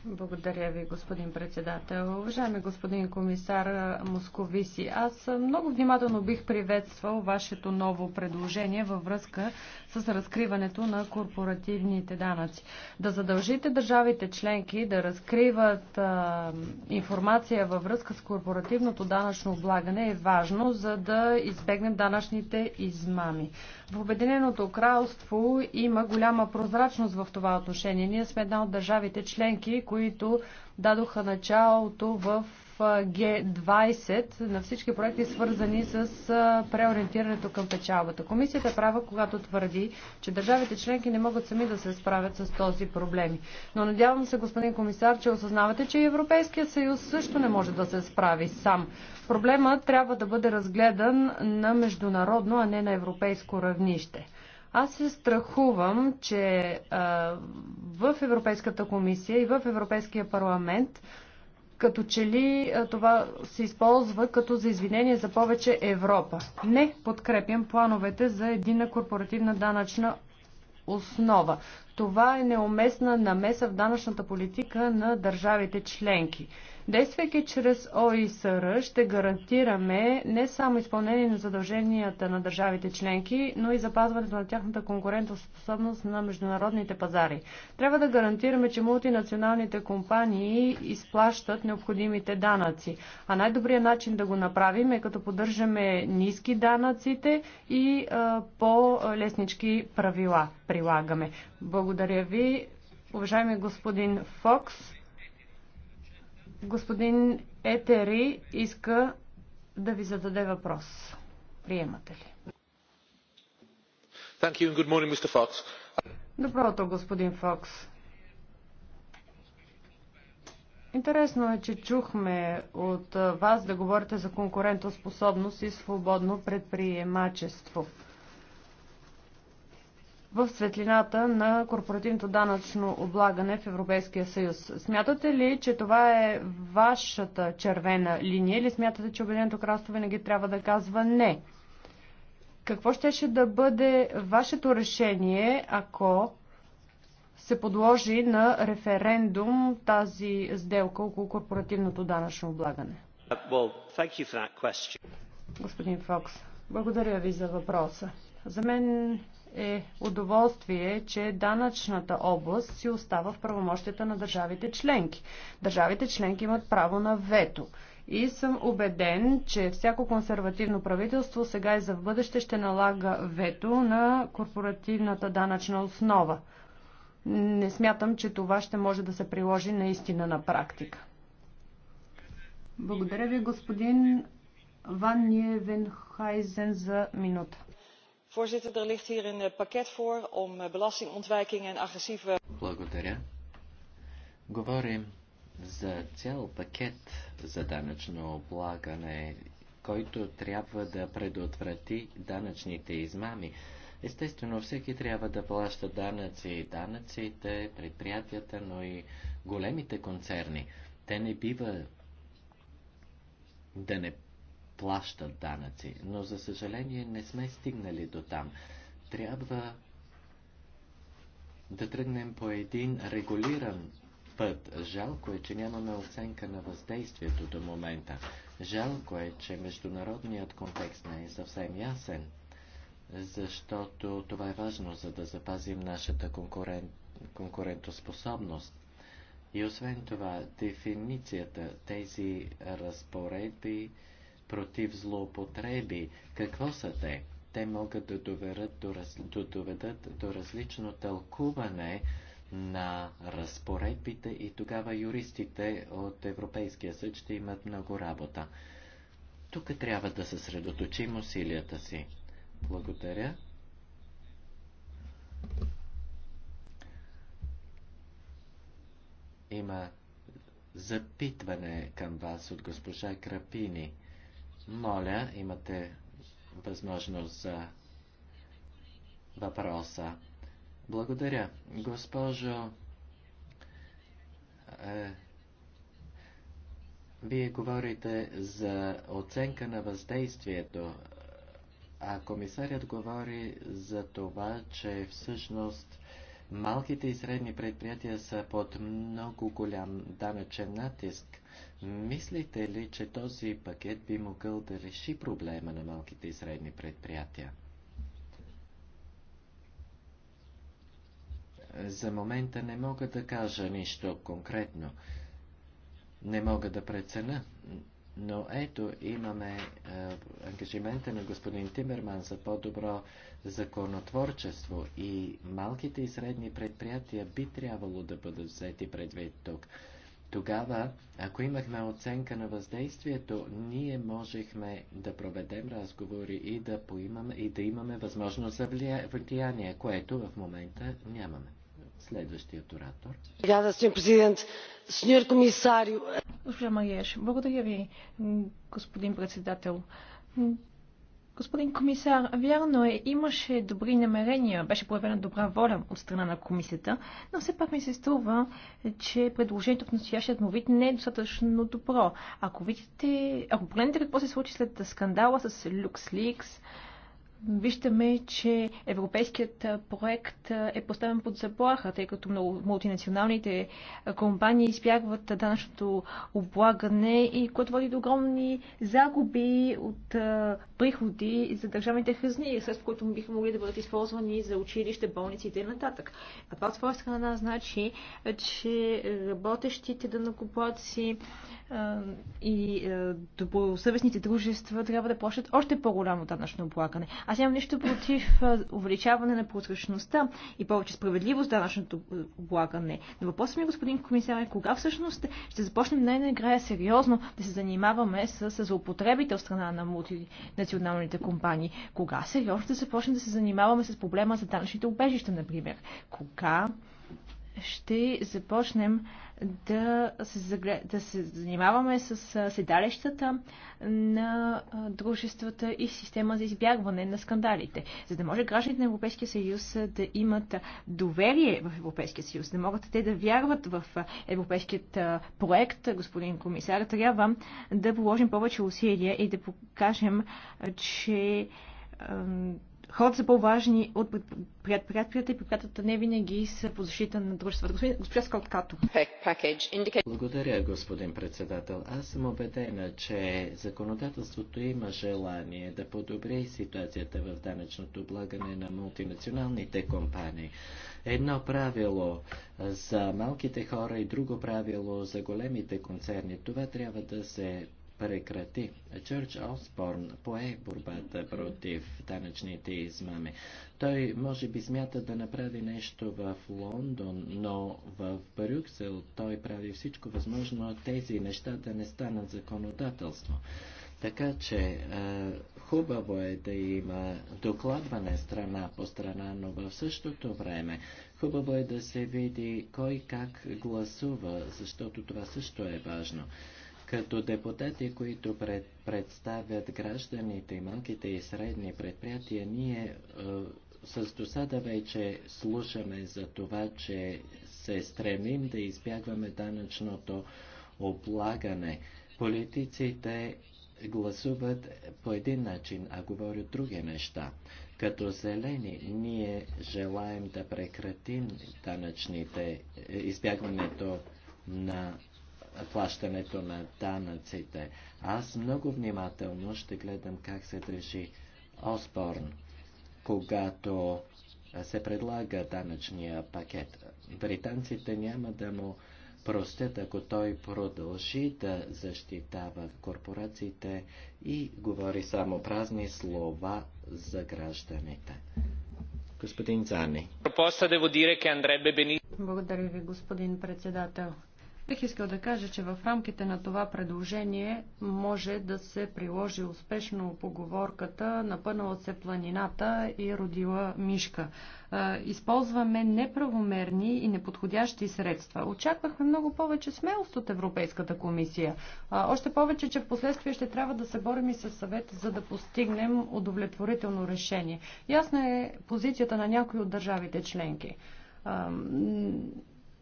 благодаря ви, господин председател. Уважаеми господин комисар Московиси, аз много внимателно бих приветствал вашето ново предложение във връзка с разкриването на корпоративните данъци. Да задължите държавите членки да разкриват а, информация във връзка с корпоративното данъчно облагане е важно, за да избегнем данъчните измами. В Обединеното кралство има голяма прозрачност в това отношение. Ние сме една от държавите членки, които дадоха началото в g 20 на всички проекти, свързани с преориентирането към печалбата. Комисията е права, когато твърди, че държавите членки не могат сами да се справят с този проблем. Но надявам се, господин комисар, че осъзнавате, че Европейския съюз също не може да се справи сам. Проблемът трябва да бъде разгледан на международно, а не на европейско равнище. Аз се страхувам, че а, в Европейската комисия и в Европейския парламент като че ли а, това се използва като за извинение за повече Европа. Не подкрепям плановете за едина корпоративна данъчна основа. Това е неуместна намеса в данъчната политика на държавите членки. Действайки чрез ОИСР ще гарантираме не само изпълнение на задълженията на държавите членки, но и запазването на тяхната конкурентоспособност на международните пазари. Трябва да гарантираме, че мултинационалните компании изплащат необходимите данъци. А най-добрият начин да го направим е като поддържаме ниски данъците и по-леснички правила прилагаме. Благодаря ви, уважаеми господин Фокс. Господин Етери иска да ви зададе въпрос. Приемате ли? Thank you and good morning, Mr. Fox. Доброто, господин Фокс. Интересно е, че чухме от вас да говорите за конкурентоспособност и свободно предприемачество в светлината на корпоративното данъчно облагане в Европейския съюз. Смятате ли, че това е вашата червена линия или смятате, че Обединеното кралство винаги трябва да казва не? Какво щеше да бъде вашето решение, ако се подложи на референдум тази сделка около корпоративното данъчно облагане? Well, Господин Фокс, благодаря ви за въпроса. За мен е удоволствие, че данъчната област си остава в правомощията на държавите членки. Държавите членки имат право на вето. И съм убеден, че всяко консервативно правителство сега и за в бъдеще ще налага вето на корпоративната данъчна основа. Не смятам, че това ще може да се приложи наистина на практика. Благодаря ви, господин Ван Ниевенхайзен, за минута. Voorzitter, er ligt hier een eh, pakket voor om eh, belastingontwijking en agressieve... Благодаря. Говорим за цял пакет за данъчно облагане, който трябва да предотврати данъчните измами. Естествено, всеки трябва да плаща данъци, данъците, предприятията, но и големите концерни. Те не бива да не плащат данъци. Но за съжаление не сме стигнали до там. Трябва да тръгнем по един регулиран път. Жалко е, че нямаме оценка на въздействието до момента. Жалко е, че международният контекст не е съвсем ясен, защото това е важно, за да запазим нашата конкурен... конкурентоспособност. И освен това, дефиницията, тези разпоредби против злоупотреби. Какво са те? Те могат да доведат до, раз... да доведат до различно тълкуване на разпоредбите и тогава юристите от Европейския съд ще имат много работа. Тук трябва да съсредоточим усилията си. Благодаря. Има запитване към вас от госпожа Крапини. Моля, имате възможност за въпроса. Благодаря. Госпожо, е, вие говорите за оценка на въздействието, а комисарят говори за това, че всъщност малките и средни предприятия са под много голям данъчен натиск. Мислите ли, че този пакет би могъл да реши проблема на малките и средни предприятия? За момента не мога да кажа нищо конкретно. Не мога да прецена, но ето имаме е, ангажимента на господин Тимерман за по-добро законотворчество и малките и средни предприятия би трябвало да бъдат взети предвид тук. Тогава, ако имахме оценка на въздействието, ние можехме да проведем разговори и да, поимаме, и да имаме възможност за влияние, което в момента нямаме. Следващият оратор. Госпожа благодаря ви, господин председател. Господин комисар, вярно е, имаше добри намерения, беше проявена добра воля от страна на комисията, но все пак ми се струва, че предложението в настоящият му вид не е достатъчно добро. Ако видите, ако погледнете какво се случи след скандала с LuxLeaks, виждаме, че европейският проект е поставен под заплаха, тъй като много мултинационалните компании избягват данъчното облагане и което води до огромни загуби от приходи за държавните хъзни, средства, които биха могли да бъдат използвани за училище, болници и т.н. А това от своя страна значи, че работещите данъкоплаци и добросъвестните дружества трябва да плащат още по-голямо данъчно облагане. Аз нямам нищо против увеличаване на прозрачността и повече справедливост в данъчното облагане. Но въпросът ми, господин комисар, е кога всъщност ще започнем най-накрая сериозно да се занимаваме с, с злоупотребите от страна на мултинационалните компании? Кога сериозно ще започнем да се занимаваме с проблема за данъчните убежища, например? Кога ще започнем да се, загле... да се занимаваме с седалищата на дружествата и система за избягване на скандалите, за да може гражданите на Европейския съюз да имат доверие в Европейския съюз, да могат те да вярват в европейският проект, господин комисар, трябва да положим повече усилия и да покажем, че хората са по-важни от предприятията и предприятията не винаги са по защита на дружествата. Госпожа Скот Като. Благодаря, господин председател. Аз съм убедена, че законодателството има желание да подобри ситуацията в данъчното облагане на мултинационалните компании. Едно правило за малките хора и друго правило за големите концерни. Това трябва да се прекрати. Чърч Осборн пое борбата против данъчните измами. Той може би смята да направи нещо в Лондон, но в Брюксел той прави всичко възможно тези неща да не станат законодателство. Така че е, хубаво е да има докладване страна по страна, но в същото време хубаво е да се види кой как гласува, защото това също е важно. Като депутати, които пред, представят гражданите и малките и средни предприятия, ние е, с досада вече слушаме за това, че се стремим да избягваме данъчното облагане. Политиците гласуват по един начин, а говорят други неща. Като зелени ние желаем да прекратим данъчните, е, избягването на плащането на данъците. Аз много внимателно ще гледам как се държи Осборн, когато се предлага данъчния пакет. Британците няма да му простят, ако той продължи да защитава корпорациите и говори само празни слова за гражданите. Господин Зани. Благодаря ви, господин председател. Бих искал да кажа, че в рамките на това предложение може да се приложи успешно поговорката напънала се планината и родила мишка. Използваме неправомерни и неподходящи средства. Очаквахме много повече смелост от Европейската комисия. Още повече, че в последствие ще трябва да се борим и с съвет, за да постигнем удовлетворително решение. Ясна е позицията на някои от държавите членки.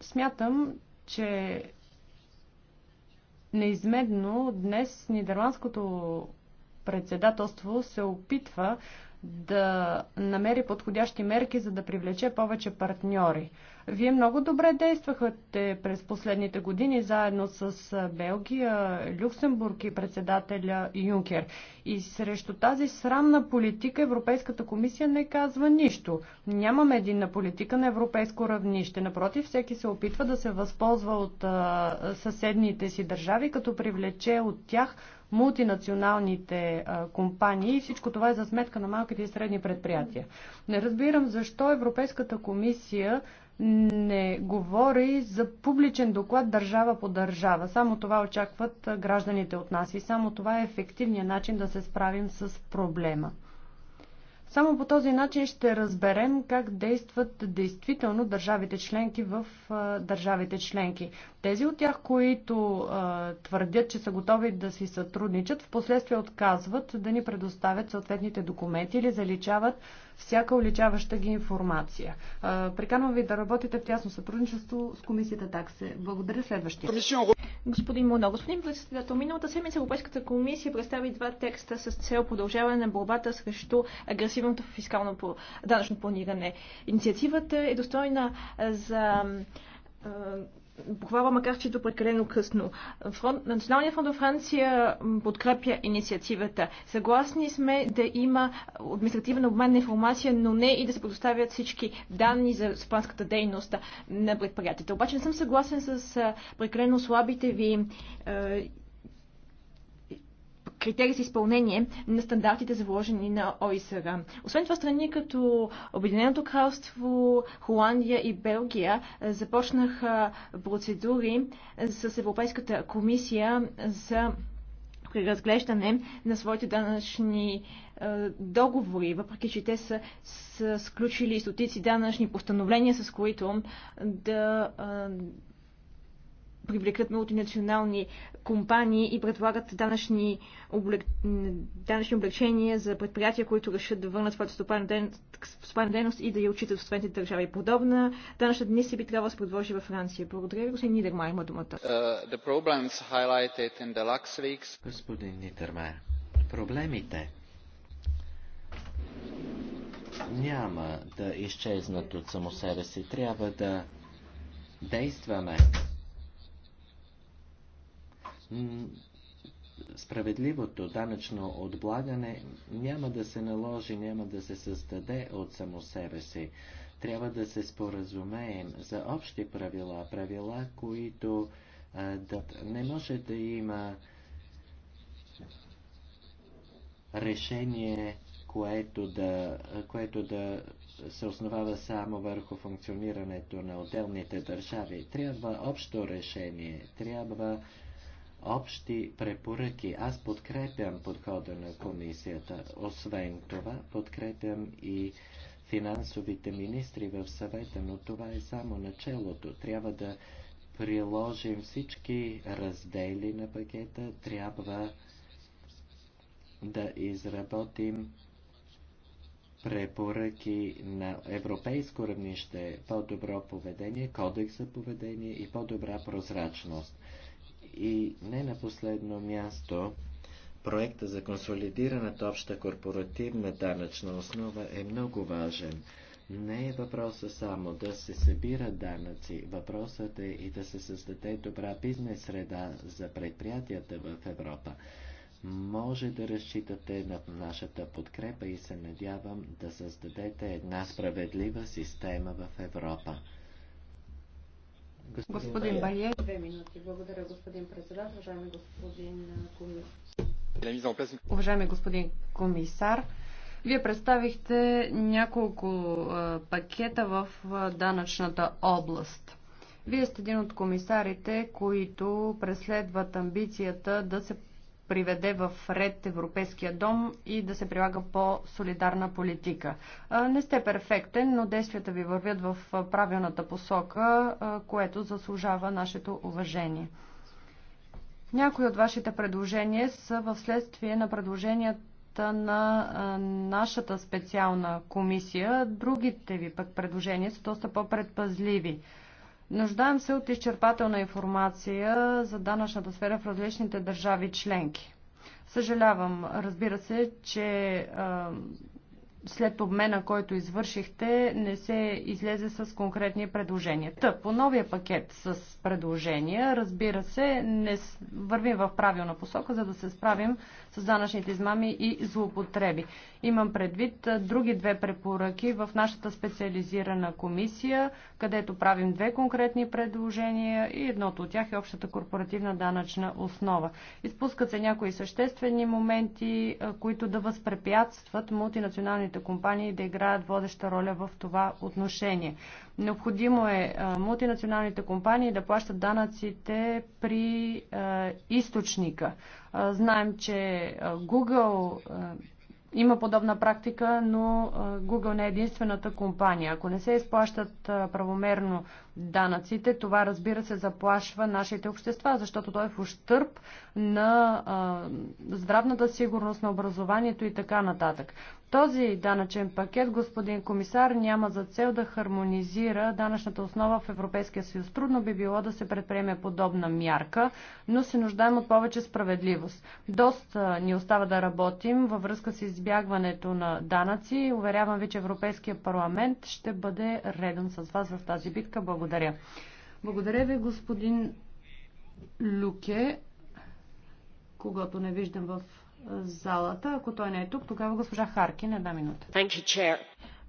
Смятам, че неизменно днес нидерландското председателство се опитва да намери подходящи мерки, за да привлече повече партньори. Вие много добре действахте през последните години заедно с Белгия, Люксембург и председателя Юнкер. И срещу тази срамна политика Европейската комисия не казва нищо. Нямаме единна политика на европейско равнище. Напротив, всеки се опитва да се възползва от а, съседните си държави, като привлече от тях мултинационалните а, компании. И всичко това е за сметка на малко малките и средни предприятия. Не разбирам защо Европейската комисия не говори за публичен доклад държава по държава. Само това очакват гражданите от нас и само това е ефективният начин да се справим с проблема. Само по този начин ще разберем как действат действително държавите членки в държавите членки. Тези от тях, които а, твърдят, че са готови да си сътрудничат, в последствие отказват да ни предоставят съответните документи или заличават всяка уличаваща ги информация. А, приканвам ви да работите в тясно сътрудничество с комисията таксе. Благодаря следващия. Господин Моно, господин председател, миналата седмица Европейската комисия представи два текста с цел продължаване на борбата срещу агресивното фискално данъчно планиране. Инициативата е достойна за похвала, макар че е прекалено късно. Фронт, Националния фонд в Франция подкрепя инициативата. Съгласни сме да има административен обмен на информация, но не и да се предоставят всички данни за спанската дейност на предприятията. Обаче не съм съгласен с прекалено слабите ви е, критерии за изпълнение на стандартите заложени на ОИСР. Освен това, страни като Обединеното кралство, Холандия и Белгия започнаха процедури с Европейската комисия за преразглеждане на своите данъчни договори, въпреки че те са, са сключили стотици данъчни постановления, с които да привлекат мултинационални компании и предлагат данъчни, облег... данъчни облегчения за предприятия, които решат да върнат своята стопанна дейност и да я отчитат в съответните държави. Подобна данъчна днес би трябвало да се предложи във Франция. Благодаря ви, господин Нидермайер, има думата. Uh, господин Нидермайер, проблемите няма да изчезнат от само себе си. Трябва да действаме справедливото данъчно отблагане няма да се наложи, няма да се създаде от само себе си. Трябва да се споразумеем за общи правила, правила, които а, да, не може да има решение, което да, което да се основава само върху функционирането на отделните държави. Трябва общо решение, трябва общи препоръки. Аз подкрепям подхода на комисията. Освен това, подкрепям и финансовите министри в съвета, но това е само началото. Трябва да приложим всички раздели на пакета, трябва да изработим препоръки на европейско равнище, по-добро поведение, кодекс за поведение и по-добра прозрачност. И не на последно място, проекта за консолидираната обща корпоративна данъчна основа е много важен. Не е въпроса само да се събират данъци, въпросът е и да се създаде добра бизнес среда за предприятията в Европа. Може да разчитате на нашата подкрепа и се надявам да създадете една справедлива система в Европа. Господин, господин Барие. Две минути. Благодаря, господин председател. Уважаеми господин комисар. Уважаеми господин комисар, вие представихте няколко пакета в данъчната област. Вие сте един от комисарите, които преследват амбицията да се приведе в ред Европейския дом и да се прилага по-солидарна политика. Не сте перфектен, но действията ви вървят в правилната посока, което заслужава нашето уважение. Някои от вашите предложения са в следствие на предложенията на нашата специална комисия. Другите ви пък предложения са доста по-предпазливи. Нуждаем се от изчерпателна информация за данъчната сфера в различните държави членки. Съжалявам, разбира се, че след обмена, който извършихте, не се излезе с конкретни предложения. Та, по новия пакет с предложения, разбира се, не вървим в правилна посока, за да се справим с данъчните измами и злоупотреби. Имам предвид други две препоръки в нашата специализирана комисия, където правим две конкретни предложения и едното от тях е общата корпоративна данъчна основа. Изпускат се някои съществени моменти, които да възпрепятстват мултинационалните големите компании да играят водеща роля в това отношение. Необходимо е мултинационалните компании да плащат данъците при източника. Знаем, че Google има подобна практика, но Google не е единствената компания. Ако не се изплащат правомерно данъците. Това, разбира се, заплашва нашите общества, защото той е в ущърп на а, здравната сигурност, на образованието и така нататък. Този данъчен пакет, господин комисар, няма за цел да хармонизира данъчната основа в Европейския съюз. Трудно би било да се предприеме подобна мярка, но се нуждаем от повече справедливост. Доста ни остава да работим във връзка с избягването на данъци. Уверявам ви, че Европейския парламент ще бъде реден с вас в тази битка. Благодаря. Благодаря. Благодаря ви, господин Люке, когато не виждам в залата. Ако той не е тук, тогава госпожа Харкин, една минута.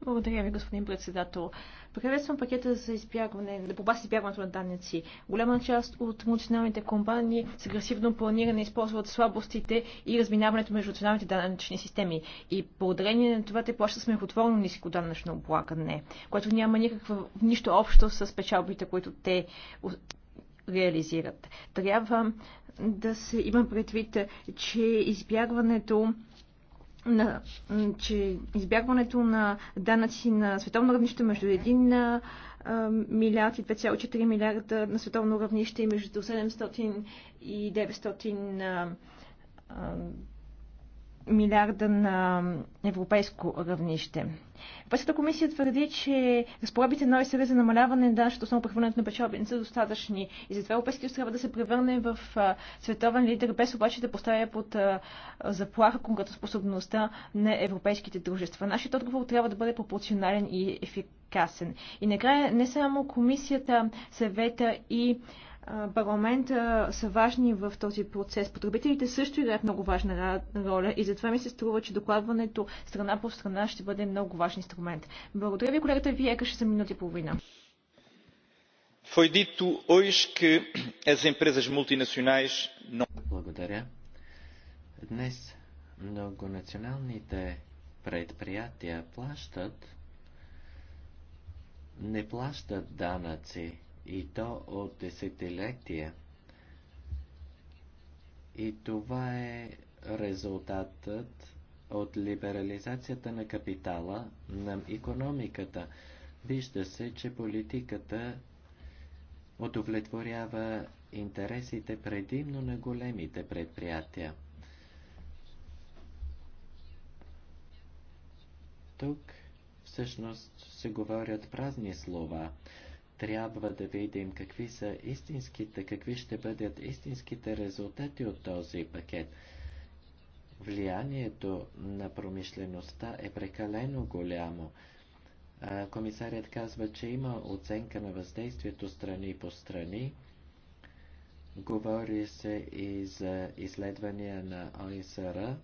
Благодаря ви, господин председател. Приветствам пакета за избягване, да борба с избягването на данници. Голяма част от националните компании с агресивно планиране използват слабостите и разминаването между националните данъчни системи. И благодарение на това те плащат смехотворно ниско данъчно облагане, което няма никаква, нищо общо с печалбите, които те реализират. Трябва да се има предвид, че избягването на, че избягването на данъци на световно равнище между 1 милиард и 2,4 милиарда на световно равнище и между 700 и 900 а, а, милиарда на европейско равнище. Европейската комисия твърди, че разпоредбите на ОСР за намаляване на данъчното основно прехвърлянето на печалби не са достатъчни и затова Европейския съюз трябва да се превърне в световен лидер, без обаче да поставя под заплаха конкурентоспособността на европейските дружества. Нашият отговор трябва да бъде пропорционален и ефикасен. И накрая не само комисията, съвета и парламента са важни в този процес. Потребителите също играят много важна роля и затова ми се струва, че докладването страна по страна ще бъде много важен инструмент. Благодаря ви, колегата Виекаше за минути и половина. Благодаря. Днес многонационалните предприятия плащат, не плащат данъци и то от десетилетия. И това е резултатът от либерализацията на капитала на економиката. Вижда се, че политиката удовлетворява интересите предимно на големите предприятия. Тук всъщност се говорят празни слова трябва да видим какви са истинските, какви ще бъдат истинските резултати от този пакет. Влиянието на промишлеността е прекалено голямо. Комисарият казва, че има оценка на въздействието страни по страни. Говори се и за изследвания на ОИСР,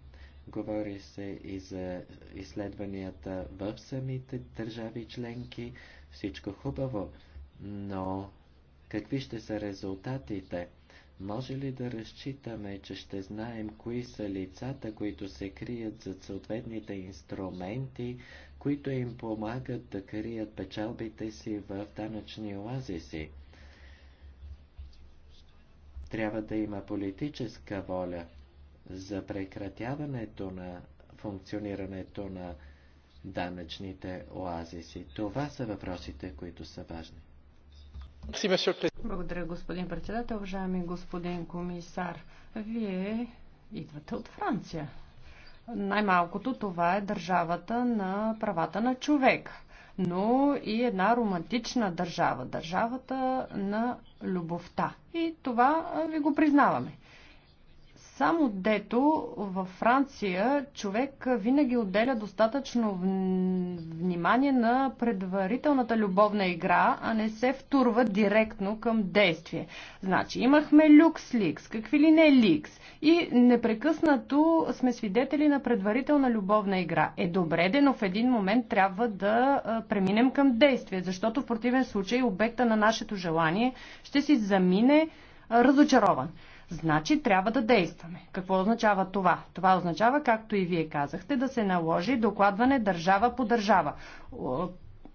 говори се и за изследванията в самите държави членки. Всичко хубаво, но какви ще са резултатите? Може ли да разчитаме, че ще знаем кои са лицата, които се крият зад съответните инструменти, които им помагат да крият печалбите си в данъчни оазиси? Трябва да има политическа воля за прекратяването на функционирането на данъчните оазиси. Това са въпросите, които са важни. Благодаря, господин председател. Уважаеми господин комисар, вие идвате от Франция. Най-малкото това е държавата на правата на човек, но и една романтична държава, държавата на любовта. И това ви го признаваме. Само дето във Франция човек винаги отделя достатъчно внимание на предварителната любовна игра, а не се втурва директно към действие. Значи имахме люкс ликс, какви ли не ликс. И непрекъснато сме свидетели на предварителна любовна игра. Е добре де, но в един момент трябва да преминем към действие, защото в противен случай обекта на нашето желание ще си замине разочарован. Значи трябва да действаме. Какво означава това? Това означава, както и вие казахте, да се наложи докладване държава по държава.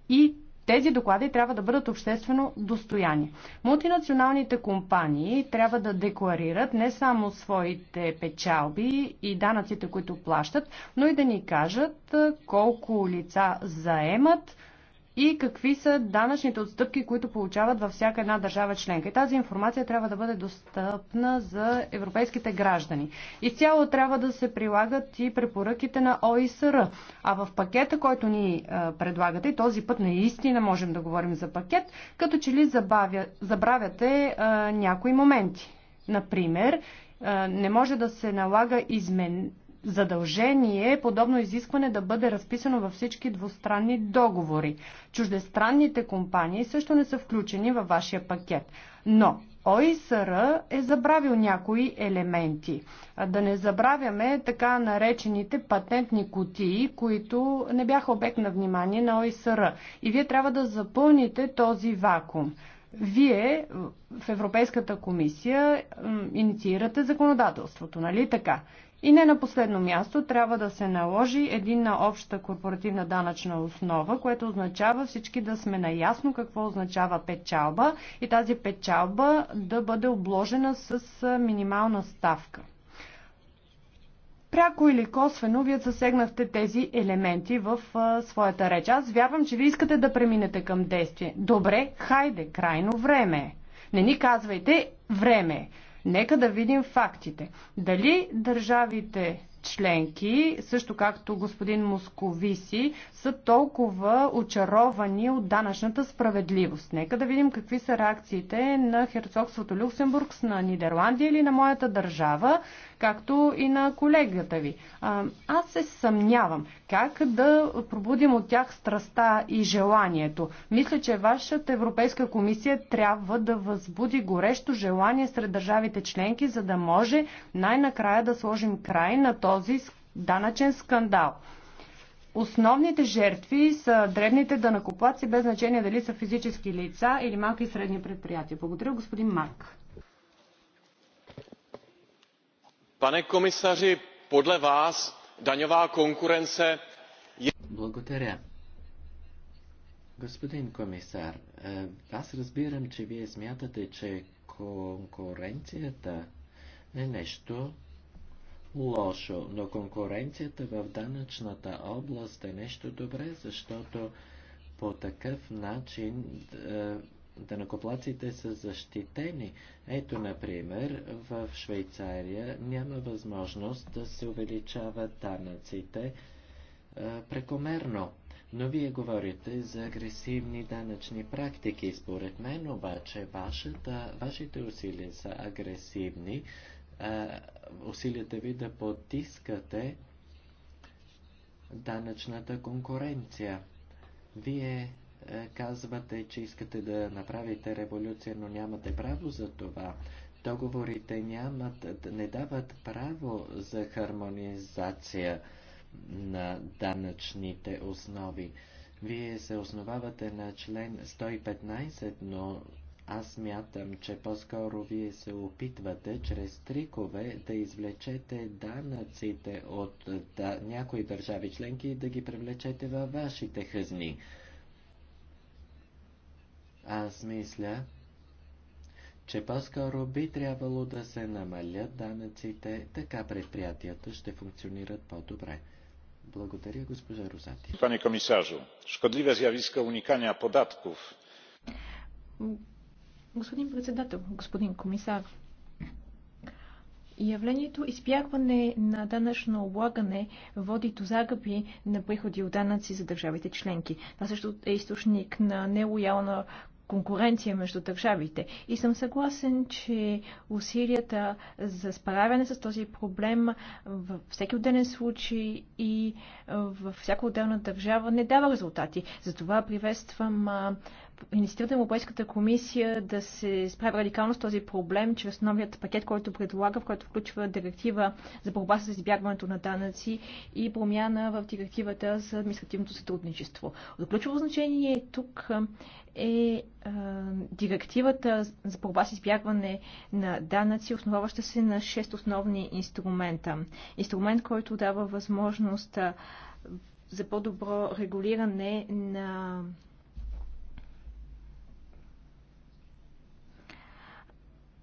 И тези доклади трябва да бъдат обществено достояни. Мултинационалните компании трябва да декларират не само своите печалби и данъците, които плащат, но и да ни кажат колко лица заемат, и какви са данъчните отстъпки, които получават във всяка една държава членка. И тази информация трябва да бъде достъпна за европейските граждани. Изцяло трябва да се прилагат и препоръките на ОИСР. А в пакета, който ни е, предлагате, и този път наистина можем да говорим за пакет, като че ли забавя, забравяте а, е, някои моменти. Например, е, не може да се налага измен задължение подобно изискване да бъде разписано във всички двустранни договори. Чуждестранните компании също не са включени във вашия пакет. Но ОИСР е забравил някои елементи. Да не забравяме така наречените патентни кутии, които не бяха обект на внимание на ОИСР. И вие трябва да запълните този вакуум. Вие в Европейската комисия инициирате законодателството, нали така? И не на последно място трябва да се наложи единна обща корпоративна данъчна основа, което означава всички да сме наясно какво означава печалба и тази печалба да бъде обложена с минимална ставка. Пряко или косвено, вие засегнахте тези елементи в а, своята реч. Аз вярвам, че ви искате да преминете към действие. Добре, хайде, крайно време Не ни казвайте време Нека да видим фактите. Дали държавите членки, също както господин Московиси, са толкова очаровани от данъчната справедливост. Нека да видим какви са реакциите на Херцогството Люксембург, на Нидерландия или на моята държава, както и на колегата ви. Аз се съмнявам как да пробудим от тях страста и желанието. Мисля, че вашата Европейска комисия трябва да възбуди горещо желание сред държавите членки, за да може най-накрая да сложим край на този данъчен скандал. Основните жертви са древните данакоплаци, без значение дали са физически лица или малки и средни предприятия. Благодаря, господин Марк. Pane komisaři, podle vás daňová konkurence je... Благодаря. Господин комисар, е, аз разбирам, че вие смятате, че конкуренцията е нещо лошо, но конкуренцията в данъчната област е нещо добре, защото по такъв начин е, Данакоплаците са защитени. Ето, например, в Швейцария няма възможност да се увеличават данъците а, прекомерно. Но вие говорите за агресивни данъчни практики. Според мен обаче вашата, вашите усилия са агресивни. А, усилията ви да потискате данъчната конкуренция. Вие е, казвате, че искате да направите революция, но нямате право за това. Договорите нямат, не дават право за хармонизация на данъчните основи. Вие се основавате на член 115, но аз мятам, че по-скоро вие се опитвате чрез трикове да извлечете данъците от да, някои държави членки и да ги привлечете във вашите хъзни. Аз мисля, че по-скоро би трябвало да се намалят данъците, така предприятията ще функционират по-добре. Благодаря, госпожа Розати. Пане комисажо, шкодливе зявиска уникания податков. Господин председател, господин комисар, Явлението изпягване на данъчно облагане води до загъби на приходи от данъци за държавите членки. Това също е източник на нелоялна конкуренция между държавите. И съм съгласен, че усилията за справяне с този проблем във всеки отделен случай и във всяка отделна държава не дава резултати. Затова приветствам инициативата на Европейската комисия да се справи радикално с този проблем чрез новият пакет, който предлага, в който включва директива за борба с избягването на данъци и промяна в директивата за административното сътрудничество. От ключово значение е тук е а, директивата за борба с избягване на данъци, основаваща се на 6 основни инструмента. Инструмент, който дава възможност а, за по-добро регулиране на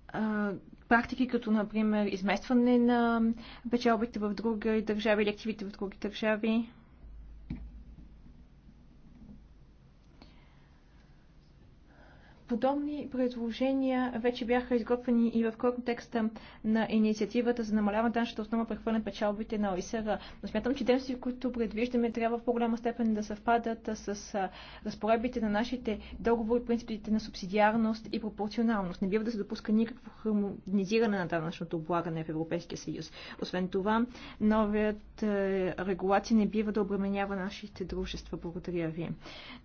а, практики, като например изместване на печалбите в други държави или активите в други държави. Подобни предложения вече бяха изготвени и в контекста на инициативата за намаляване данъчната основа прехвърлен печалбите на ОИСР. Но смятам, че дейности, които предвиждаме, трябва в по-голяма степен да съвпадат с разпоредбите на нашите договори, принципите на субсидиарност и пропорционалност. Не бива да се допуска никакво хармонизиране на данъчното облагане в Европейския съюз. Освен това, новият е, регулация не бива да обременява нашите дружества. Благодаря ви.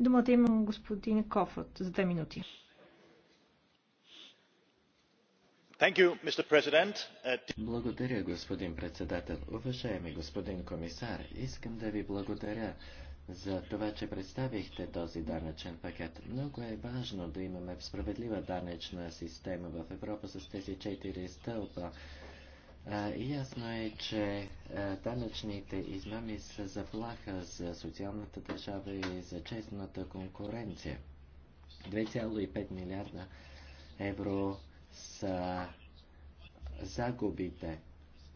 Думата има господин Кофът за две минути. Uh, благодаря, господин председател. Уважаеми господин комисар, искам да ви благодаря за това, че представихте този данъчен пакет. Много е важно да имаме справедлива данъчна система в Европа с тези четири стълба. Ясно е, че данъчните измами са заплаха за социалната държава и за честната конкуренция. 2,5 милиарда евро с загубите.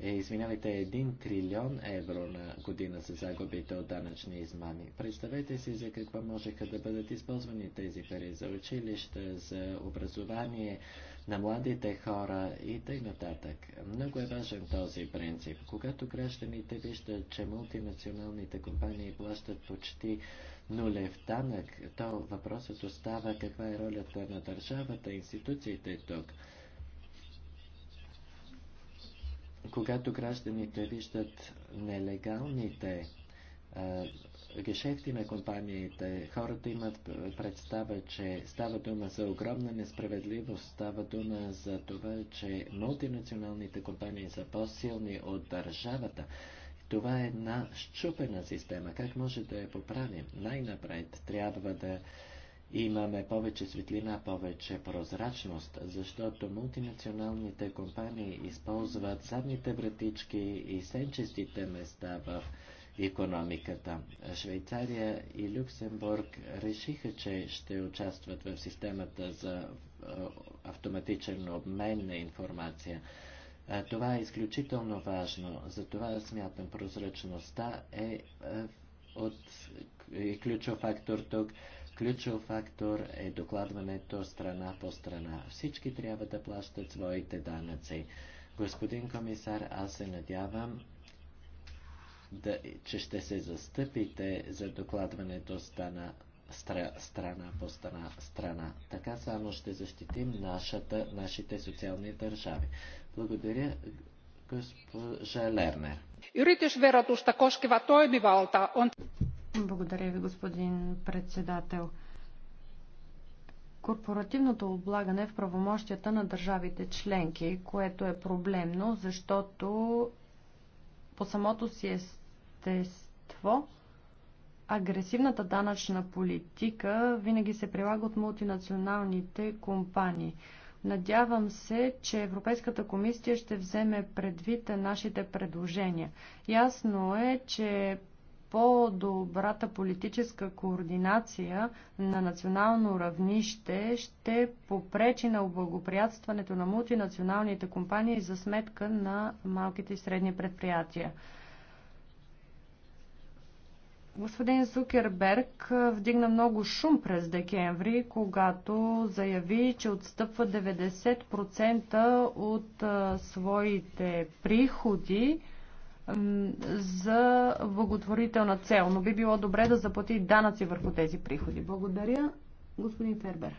Е, извинявайте, 1 трилион евро на година са загубите от данъчни измами. Представете си за какво можеха да бъдат използвани тези пари за училище, за образование, на младите хора и тъй нататък. Много е важен този принцип. Когато гражданите виждат, че мултинационалните компании плащат почти нулев данък, то въпросът остава каква е ролята на държавата, и институциите тук. Когато гражданите виждат нелегалните гешефти на компаниите. Хората имат представа, че става дума за огромна несправедливост, става дума за това, че мултинационалните компании са по-силни от държавата. Това е една щупена система. Как може да я поправим? Най-напред трябва да имаме повече светлина, повече прозрачност, защото мултинационалните компании използват задните вратички и сенчестите места в економиката. Швейцария и Люксембург решиха, че ще участват в системата за автоматичен обмен на информация. Това е изключително важно. Затова смятам, прозрачността е, от, е ключов фактор тук. Ключов фактор е докладването страна по страна. Всички трябва да плащат своите данъци. Господин комисар, аз се надявам да, че ще се застъпите за докладването стана, стра, страна по страна, страна. Така само ще защитим нашата, нашите социални държави. Благодаря, госпожа Лернер. Yritysverotusta koskeva toimivalta on... Благодаря ви, господин председател. Корпоративното облагане в правомощията на държавите членки, което е проблемно, защото по самото си естество, агресивната данъчна политика винаги се прилага от мултинационалните компании. Надявам се, че Европейската комисия ще вземе предвид нашите предложения. Ясно е, че по-добрата политическа координация на национално равнище ще попречи на облагоприятстването на мултинационалните компании за сметка на малките и средни предприятия. Господин Зукерберг вдигна много шум през декември, когато заяви, че отстъпва 90% от а, своите приходи за благотворителна цел, но би било добре да заплати данъци върху тези приходи. Благодаря, господин Фербер.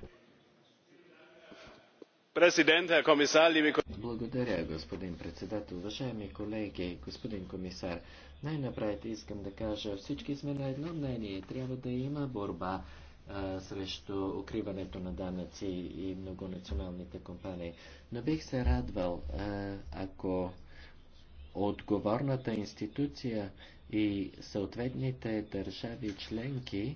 Благодаря, господин председател. Уважаеми колеги, господин комисар, най-напред искам да кажа, всички сме на едно мнение. Трябва да има борба а, срещу укриването на данъци и многонационалните компании. Но бих се радвал, а, ако отговорната институция и съответните държави членки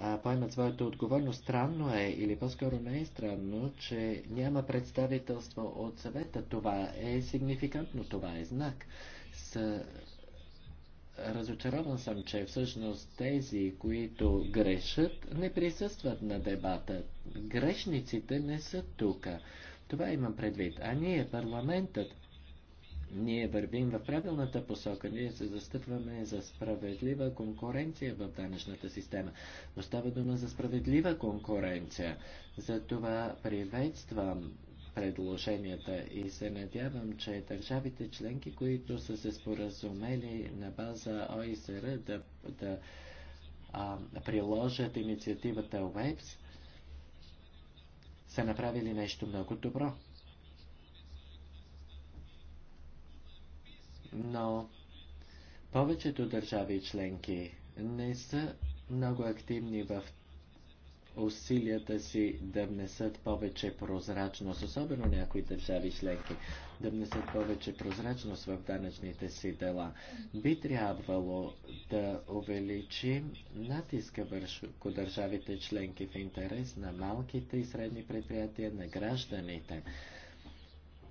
а, поемат своята отговорност. Странно е, или по-скоро не е странно, че няма представителство от съвета. Това е сигнификантно, това е знак. С... Разочарован съм, че всъщност тези, които грешат, не присъстват на дебата. Грешниците не са тук. Това имам предвид. А ние, парламентът, ние вървим в правилната посока, ние се застъпваме за справедлива конкуренция в данъчната система. Но става дума за справедлива конкуренция. Затова приветствам предложенията и се надявам, че държавите членки, които са се споразумели на база ОИСР да, да а, приложат инициативата WEBS, са направили нещо много добро. но повечето държави членки не са много активни в усилията си да внесат повече прозрачност, особено някои държави членки, да внесат повече прозрачност в данъчните си дела. Би трябвало да увеличим натиска върху държавите членки в интерес на малките и средни предприятия, на гражданите.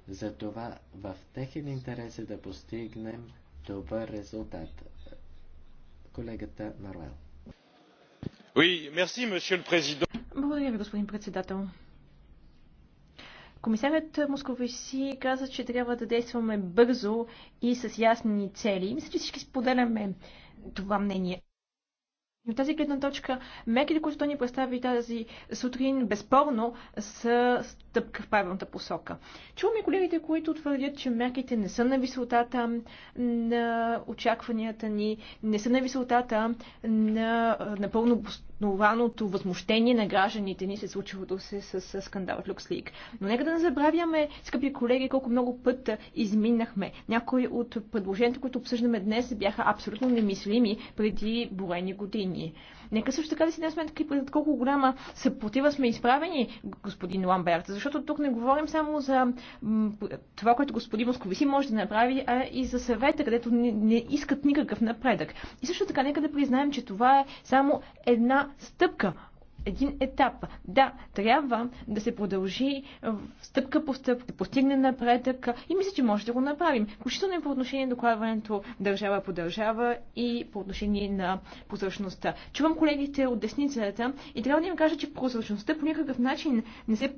Затова в техен интерес е да постигнем добър резултат. Колегата Маруел. Oui, merci, monsieur le président. Благодаря ви, господин председател. Комисарят Московиси каза, че трябва да действаме бързо и с ясни цели. Мисля, че всички споделяме това мнение. От тази гледна точка, мерките, които той ни представи тази сутрин, безспорно са стъпка в правилната посока. Чуваме колегите, които твърдят, че мерките не са на висотата на очакванията ни, не са на висотата на напълно обоснованото възмущение на гражданите ни се до се с, с от Люкслик. Но нека да не забравяме, скъпи колеги, колко много път изминахме. Някои от предложенията, които обсъждаме днес, бяха абсолютно немислими преди борени години. Нека също така да си дадем сметка и пред колко голяма съпротива сме изправени, господин Ламберт, защото тук не говорим само за това, което господин Московиси може да направи, а и за съвета, където не, не искат никакъв напредък. И също така нека да признаем, че това е само една стъпка един етап. Да, трябва да се продължи е, стъпка по стъпка, да постигне напредък и мисля, че може да го направим. Включително и по отношение на докладването държава по държава и по отношение на прозрачността. Чувам колегите от десницата и трябва да им кажа, че прозрачността по никакъв начин не се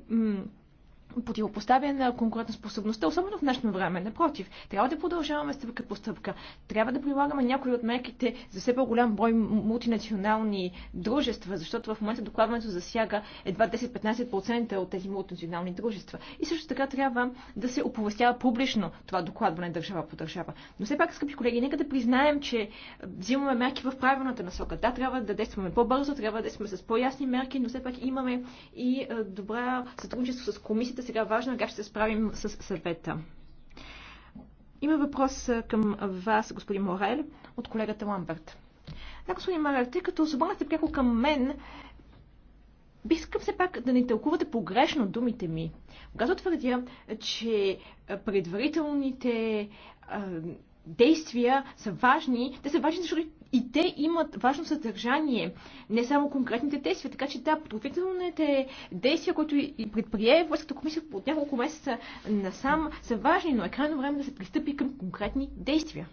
противопоставя на конкурентоспособността, особено в днешно време. Напротив, трябва да продължаваме стъпка по стъпка. Трябва да прилагаме някои от мерките за все по-голям брой мултинационални дружества, защото в момента докладването засяга едва 10-15% от тези мултинационални дружества. И също така трябва да се оповестява публично това докладване държава по държава. Но все пак, скъпи колеги, нека да признаем, че взимаме мерки в правилната насока. Да, трябва да действаме по-бързо, трябва да сме с по-ясни мерки, но все пак имаме и е, добра сътрудничество с комисията, сега важно е как ще се справим с съвета. Има въпрос към вас, господин Морел, от колегата Ламберт. Да, господин Морел, тъй като се обърнахте пряко към мен, бих искам все пак да не тълкувате погрешно думите ми. Когато твърдя, че предварителните действия са важни. Те са важни, защото и те имат важно съдържание, не само конкретните действия. Така че да, подготвителните действия, които и предприе Войската комисия от няколко месеца насам, са важни, но е крайно време да се пристъпи към конкретни действия.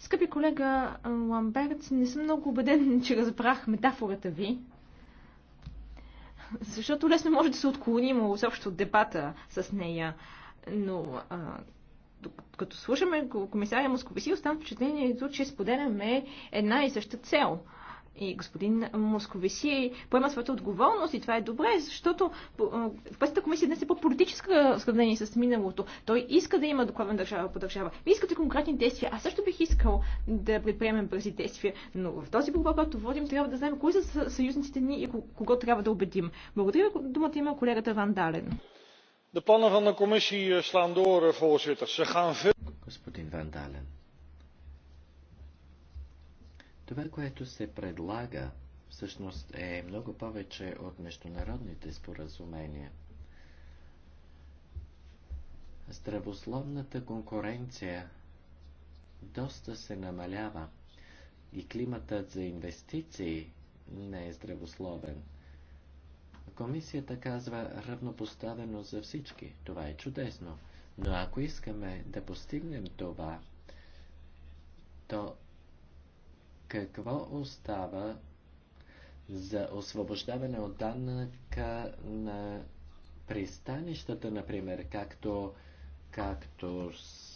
Скъпи колега Ламберт, не съм много убеден, че разбрах метафората ви защото лесно може да се отклоним от дебата с нея. Но а, като слушаме комисаря Московиси, оставам впечатлението, че споделяме една и съща цел – и господин Московиси поема своята отговорност и това е добре, защото в Европейската комисия днес е по-политическа сравнение с миналото. Той иска да има докладна държава по държава. Вие искате конкретни действия. Аз също бих искал да предприемем бързи действия, но в този борба, който водим, трябва да знаем кои са съюзниците ни и кого трябва да убедим. Благодаря, думата има колегата Ван Дален. De plannen van de commissie eh, slaan door, eh, voorzitter. Ze gaan veel... Господин Ван Дален. Това, което се предлага, всъщност е много повече от международните споразумения. Здравословната конкуренция доста се намалява и климатът за инвестиции не е здравословен. Комисията казва равнопоставено за всички. Това е чудесно. Но ако искаме да постигнем това, то какво остава за освобождаване от данъка на пристанищата, например, както, както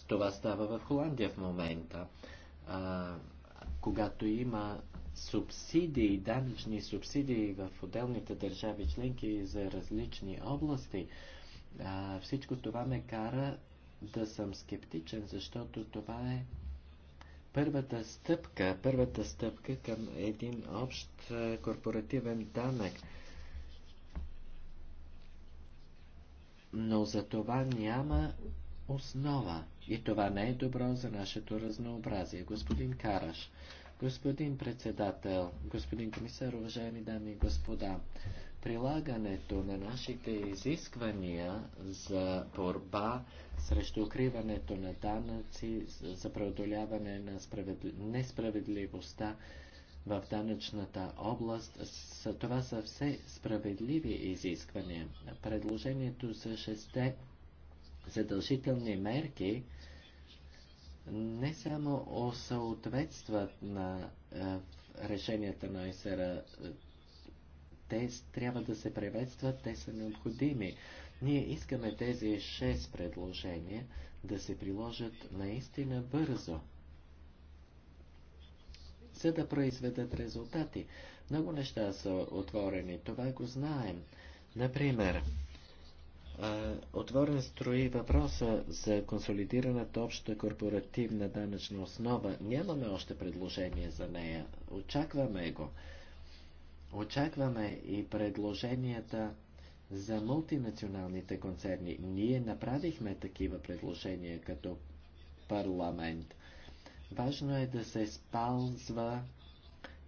това става в Холандия в момента? А, когато има субсидии, данъчни субсидии в отделните държави членки за различни области, а, всичко това ме кара да съм скептичен, защото това е първата стъпка, първата стъпка към един общ корпоративен данък. Но за това няма основа и това не е добро за нашето разнообразие. Господин Караш, господин председател, господин комисар, уважаеми дами и господа, прилагането на нашите изисквания за борба срещу укриването на данъци, за преодоляване на несправедливостта в данъчната област, това са все справедливи изисквания. Предложението за шесте задължителни мерки не само съответстват на е, решенията на ОСР те трябва да се приветстват, те са необходими. Ние искаме тези шест предложения да се приложат наистина бързо, за да произведат резултати. Много неща са отворени, това го знаем. Например, отворен строи въпроса за консолидираната обща корпоративна данъчна основа. Нямаме още предложение за нея. Очакваме го. Очакваме и предложенията за мултинационалните концерни. Ние направихме такива предложения като парламент. Важно е да се спалзва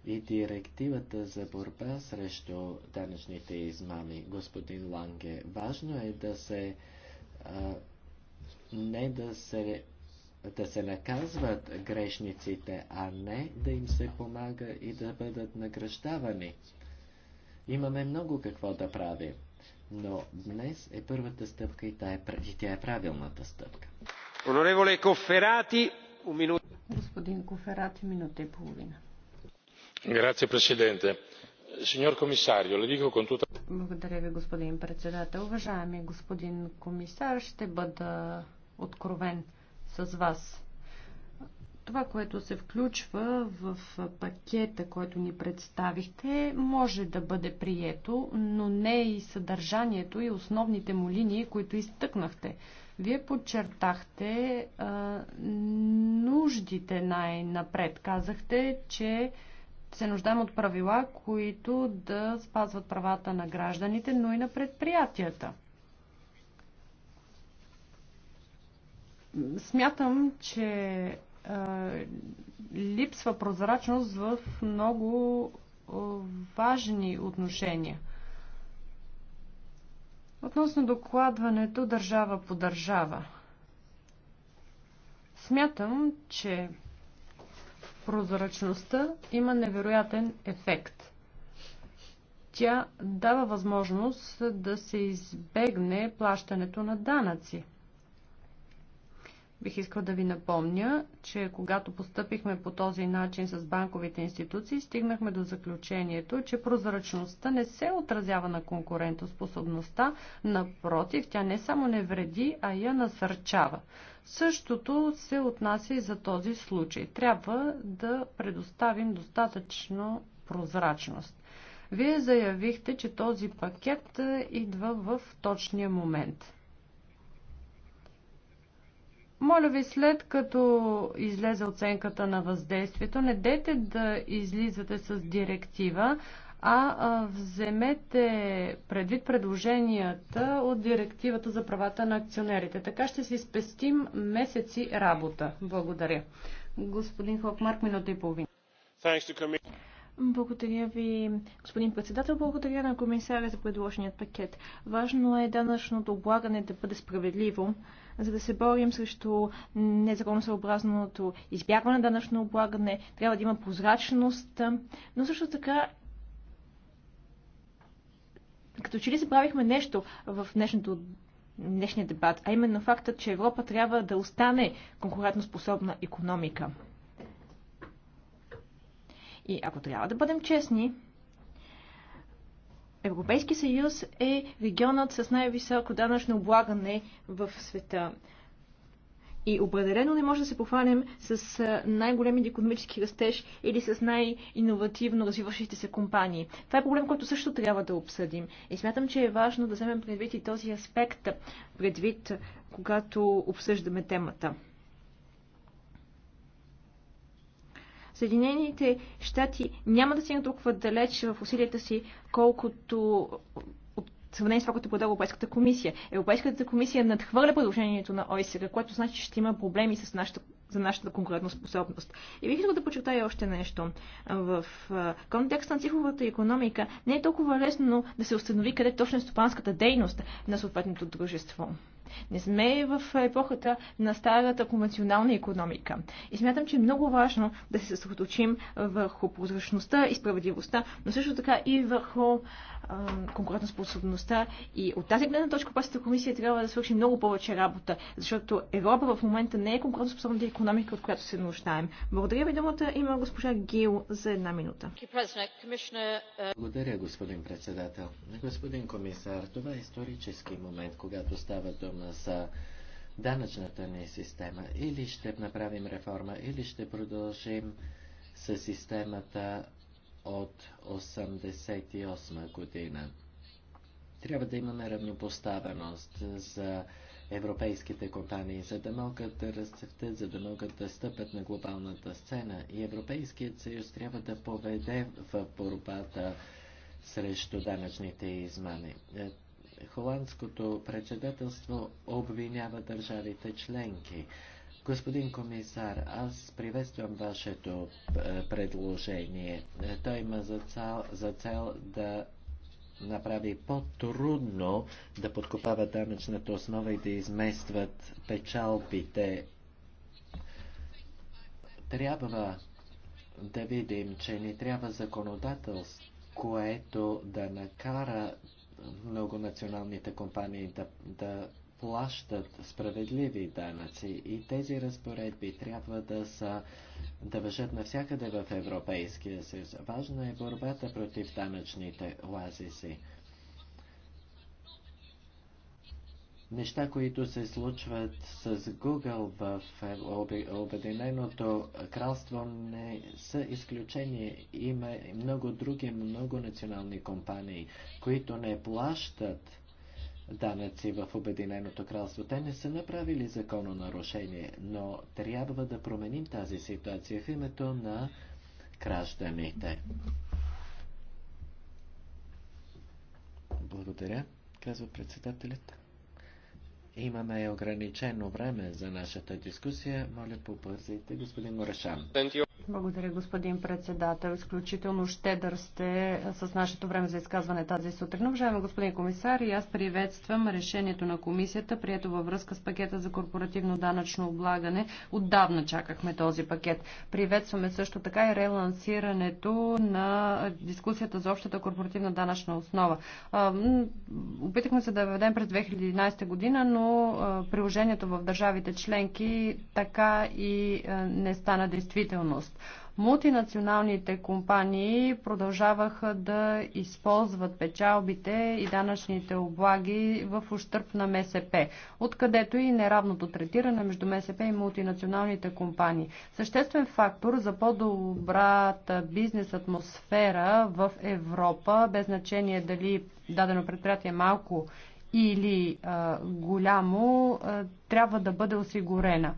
и директивата за борба срещу данъчните измами, господин Ланге. Важно е да се а, не да се да се наказват грешниците, а не да им се помага и да бъдат награждавани. Имаме много какво да правим, но днес е първата стъпка и, тая, е и тя е правилната стъпка. Онореволе Коферати, минута. Господин Коферати, минута и половина. Грация, президенте. Сеньор комисарио, ле дико кон тута... Благодаря ви, господин председател. Уважаеми господин комисар, ще бъда откровен с вас. Това, което се включва в пакета, който ни представихте, може да бъде прието, но не и съдържанието и основните му линии, които изтъкнахте. Вие подчертахте а, нуждите най-напред. Казахте, че се нуждаем от правила, които да спазват правата на гражданите, но и на предприятията. Смятам, че липсва прозрачност в много важни отношения. Относно докладването държава по държава. Смятам, че прозрачността има невероятен ефект. Тя дава възможност да се избегне плащането на данъци – Бих искал да ви напомня, че когато постъпихме по този начин с банковите институции, стигнахме до заключението, че прозрачността не се отразява на конкурентоспособността, напротив, тя не само не вреди, а я насърчава. Същото се отнася и за този случай. Трябва да предоставим достатъчно прозрачност. Вие заявихте, че този пакет е, идва в точния момент. Моля ви, след като излезе оценката на въздействието, не дете да излизате с директива, а вземете предвид предложенията от директивата за правата на акционерите. Така ще си спестим месеци работа. Благодаря. Господин Хокмарк, минута и половина. Благодаря ви, господин председател. Благодаря на комисаря за предложеният пакет. Важно е данъчното облагане да бъде справедливо, за да се борим срещу незаконосъобразното избягване на данъчно облагане. Трябва да има прозрачност, но също така като че ли забравихме нещо в днешното днешния дебат, а именно факта, че Европа трябва да остане конкурентоспособна економика. И ако трябва да бъдем честни, Европейски съюз е регионът с най-високо данъчно облагане в света. И определено не може да се похвалим с най-големите економически растеж или с най-инновативно развиващите се компании. Това е проблем, който също трябва да обсъдим. И смятам, че е важно да вземем предвид и този аспект, предвид когато обсъждаме темата. Съединените щати няма да стигнат толкова далеч в усилията си, колкото сравнение с това, което предлага Европейската комисия. Европейската комисия надхвърля предложението на ОИСР, което значи, че ще има проблеми с нашата, за нашата конкурентна способност. И бих искал да почитая още нещо. В контекста на цифровата економика не е толкова лесно да се установи къде точно е стопанската дейност на съответното дружество. Не сме в епохата на старата конвенционална економика. И смятам, че е много важно да се съсредоточим върху прозрачността и справедливостта, но също така и върху конкурентоспособността. И от тази гледна точка Пасата комисия трябва да свърши много повече работа, защото Европа в момента не е конкурентоспособната економика, от която се нуждаем. Благодаря ви думата. Има госпожа Гил за една минута. Благодаря, господин председател. Господин комисар, това е исторически момент, когато става дума за данъчната ни система. Или ще направим реформа, или ще продължим с системата от 1988 година. Трябва да имаме равнопоставеност за европейските компании, за да могат да разцъфтят, за да могат да стъпят на глобалната сцена. И Европейският съюз трябва да поведе в борбата срещу данъчните измами холандското председателство обвинява държавите членки. Господин комисар, аз приветствам вашето е, предложение. Е, той има за цел, за цел да направи по-трудно да подкопава данъчната основа и да изместват печалбите. Трябва да видим, че ни трябва законодателство, което да накара многонационалните компании да, да плащат справедливи данъци и тези разпоредби трябва да са да въжат навсякъде в Европейския съюз. Важна е борбата против данъчните оазиси. неща, които се случват с Google в Обединеното кралство не са изключение. Има много други много национални компании, които не плащат данъци в Обединеното кралство. Те не са направили закононарушение, но трябва да променим тази ситуация в името на гражданите. Благодаря, казва председателят. Имаме ограничено време за нашата дискусия. Моля, побързайте, господин Морешан. Благодаря, господин председател. Изключително щедър сте с нашето време за изказване тази сутрин. Уважаеми господин комисар, и аз приветствам решението на комисията, прието във връзка с пакета за корпоративно данъчно облагане. Отдавна чакахме този пакет. Приветстваме също така и релансирането на дискусията за общата корпоративна данъчна основа. Опитахме се да въведем през 2011 година, но приложението в държавите членки така и не стана действителност. Мултинационалните компании продължаваха да използват печалбите и данъчните облаги в ущърп на МСП, откъдето и неравното третиране между МСП и мултинационалните компании. Съществен фактор за по-добрата бизнес атмосфера в Европа, без значение дали дадено предприятие е малко или а, голямо, а, трябва да бъде осигурена.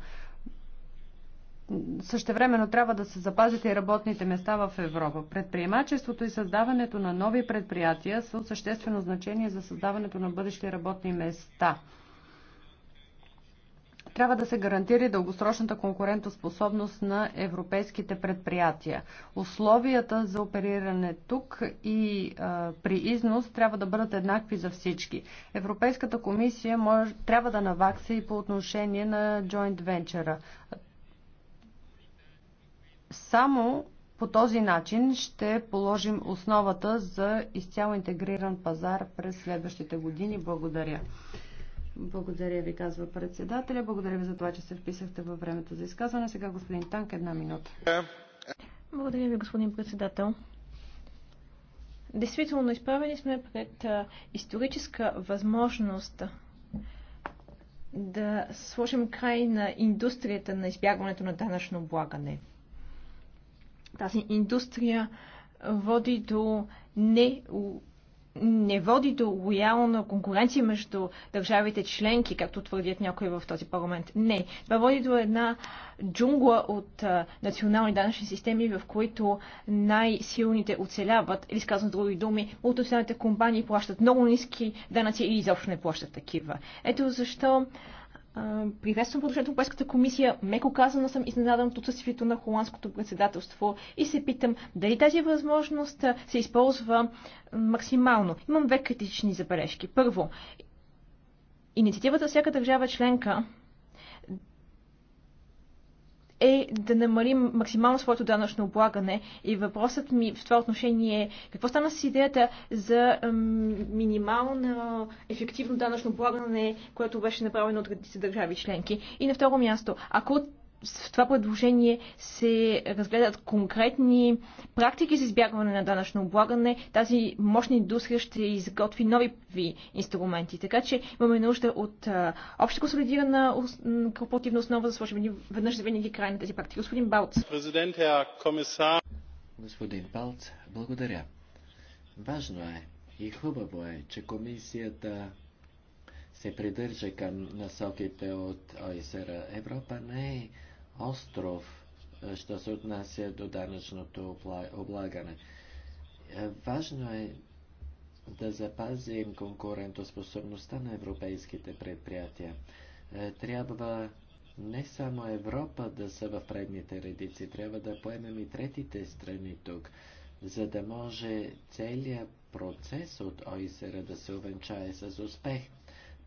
Същевременно трябва да се запазят и работните места в Европа. Предприемачеството и създаването на нови предприятия са от съществено значение за създаването на бъдещи работни места. Трябва да се гарантира дългосрочната конкурентоспособност на европейските предприятия. Условията за опериране тук и а, при износ трябва да бъдат еднакви за всички. Европейската комисия може, трябва да навакса и по отношение на joint venture. Само по този начин ще положим основата за изцяло интегриран пазар през следващите години. Благодаря. Благодаря ви, казва председателя. Благодаря ви за това, че се вписахте във времето за изказване. Сега господин Танк, една минута. Благодаря ви, господин председател. Действително, изправени сме пред историческа възможност да сложим край на индустрията на избягването на данъчно облагане. Тази индустрия води до не не води до лоялна конкуренция между държавите членки, както твърдят някои в този парламент. Не. Това води до една джунгла от а, национални данъчни системи, в които най-силните оцеляват, или сказано други думи, мултинационалните компании плащат много ниски данъци или изобщо не плащат такива. Ето защо приветствам предложението на Европейската комисия. Меко казано съм изненадан от отсъствието на холандското председателство и се питам дали тази възможност се използва максимално. Имам две критични забележки. Първо, инициативата всяка държава членка е да намалим максимално своето данъчно облагане. И въпросът ми в това отношение е какво стана с идеята за минимално ефективно данъчно облагане, което беше направено от редица държави членки. И на второ място, ако в това предложение се разгледат конкретни практики за избягване на данъчно облагане. Тази мощна индустрия ще изготви нови инструменти. Така че имаме нужда от обща консолидирана корпоративна основа, за да сложим веднъж за винаги край на тези практики. Господин Балц. Господин Балц, благодаря. Важно е и хубаво е, че комисията се придържа към насоките от ОИСР. Европа не е остров, е, що се отнася до данъчното облагане. Е, важно е да запазим конкурентоспособността на европейските предприятия. Е, трябва не само Европа да са в предните редици, трябва да поемем и третите страни тук, за да може целият процес от ОИСР да се увенчае с успех.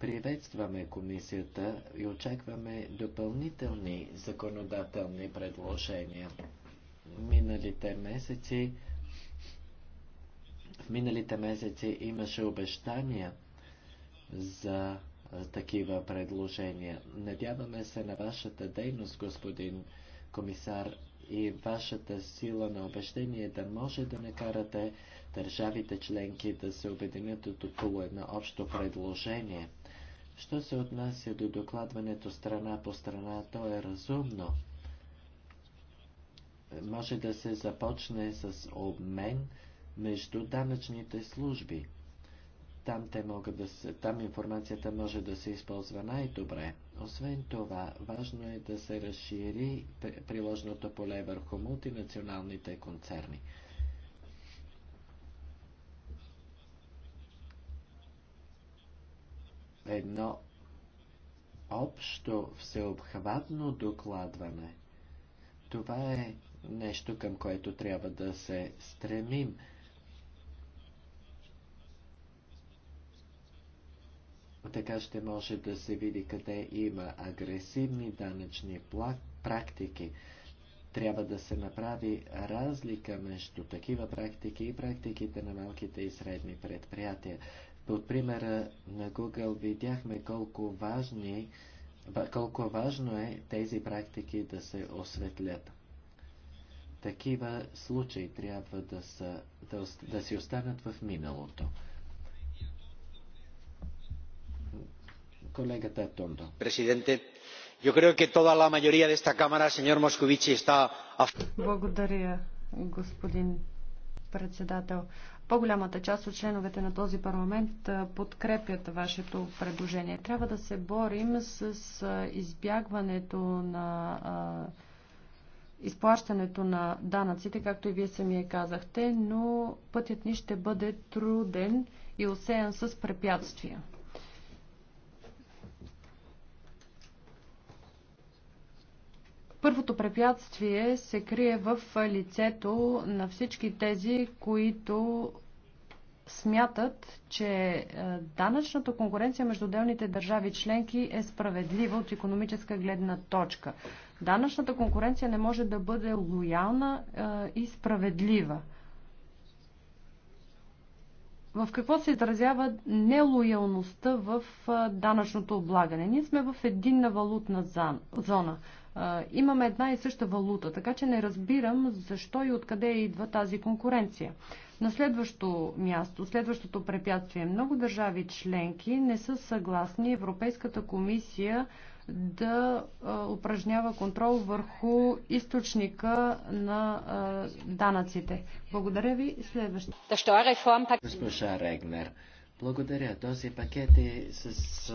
Приветстваме комисията и очакваме допълнителни законодателни предложения. Миналите месеци в миналите месеци имаше обещания за такива предложения. Надяваме се на вашата дейност, господин комисар, и вашата сила на обещание да може да накарате държавите членки да се обединят от около едно общо предложение – Що се отнася до докладването страна по страна, то е разумно. Може да се започне с обмен между данъчните служби. Там, те могат да се, там информацията може да се използва най-добре. Освен това, важно е да се разшири приложното поле върху мултинационалните концерни. едно общо всеобхватно докладване. Това е нещо, към което трябва да се стремим. Така ще може да се види къде има агресивни данъчни практики. Трябва да се направи разлика между такива практики и практиките на малките и средни предприятия. От примера на Google видяхме колко, важни, колко важно е тези практики да се осветлят. Такива случаи трябва да, са, да, да си останат в миналото. Колегата Тондо. Президенте, yo creo que toda la mayoría de esta cámara señor moscovici está Благодаря, господин председател. По-голямата част от членовете на този парламент подкрепят вашето предложение. Трябва да се борим с избягването на изплащането на данъците, както и вие самия казахте, но пътят ни ще бъде труден и осеян с препятствия. Първото препятствие се крие в лицето на всички тези, които смятат, че е, данъчната конкуренция между отделните държави членки е справедлива от економическа гледна точка. Данъчната конкуренция не може да бъде лоялна е, и справедлива. В какво се изразява нелоялността в е, данъчното облагане? Ние сме в единна валутна зона имаме една и съща валута, така че не разбирам защо и откъде идва тази конкуренция. На следващо място, следващото препятствие. Много държави членки не са съгласни Европейската комисия да упражнява контрол върху източника на данъците. Благодаря ви. Следващо. Е Госпожа Регнер, благодаря. Този пакет е с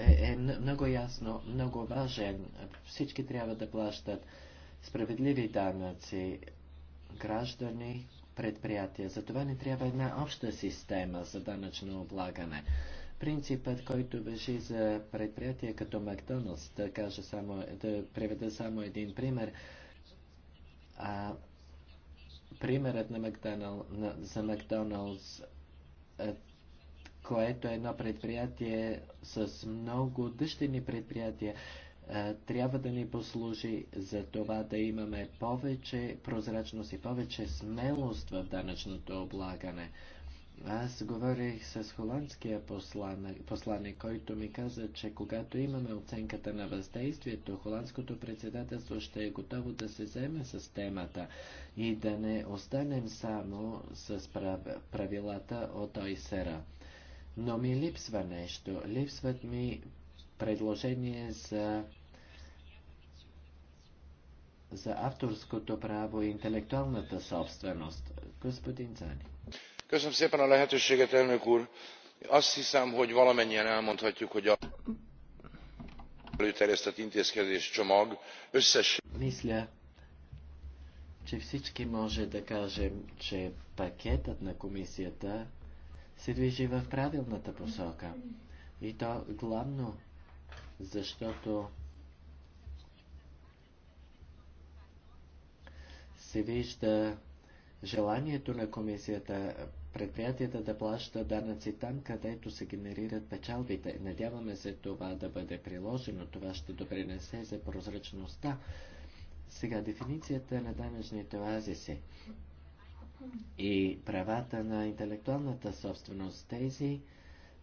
е, е много ясно, много важен. Всички трябва да плащат справедливи данъци, граждани, предприятия. Затова ни трябва една обща система за данъчно облагане. Принципът, който беше за предприятия като Макдоналдс, да, кажа само, да приведа само един пример, а, примерът на Макдоналдс, на, за Макдоналдс което е едно предприятие с много дъщерни предприятия, трябва да ни послужи за това да имаме повече прозрачност и повече смелост в данъчното облагане. Аз говорих с холандския посланник, посланник, който ми каза, че когато имаме оценката на въздействието, холандското председателство ще е готово да се вземе с темата и да не останем само с правилата от ОИСЕРА но ми липсва нещо. Липсват ми предложения за за авторското право и интелектуалната собственост. Господин Цани. Köszönöm szépen a lehetőséget, elnök úr. Azt hiszem, hogy valamennyien elmondhatjuk, hogy a előterjesztett intézkedés csomag összes... Мисля, че всички може да кажем, че пакетът на комисията се движи в правилната посока. И то главно, защото се вижда желанието на комисията предприятията да плащат данъци там, където се генерират печалбите. Надяваме се това да бъде приложено. Това ще допринесе за прозрачността. Сега дефиницията на данъчните оазиси и правата на интелектуалната собственост. Тези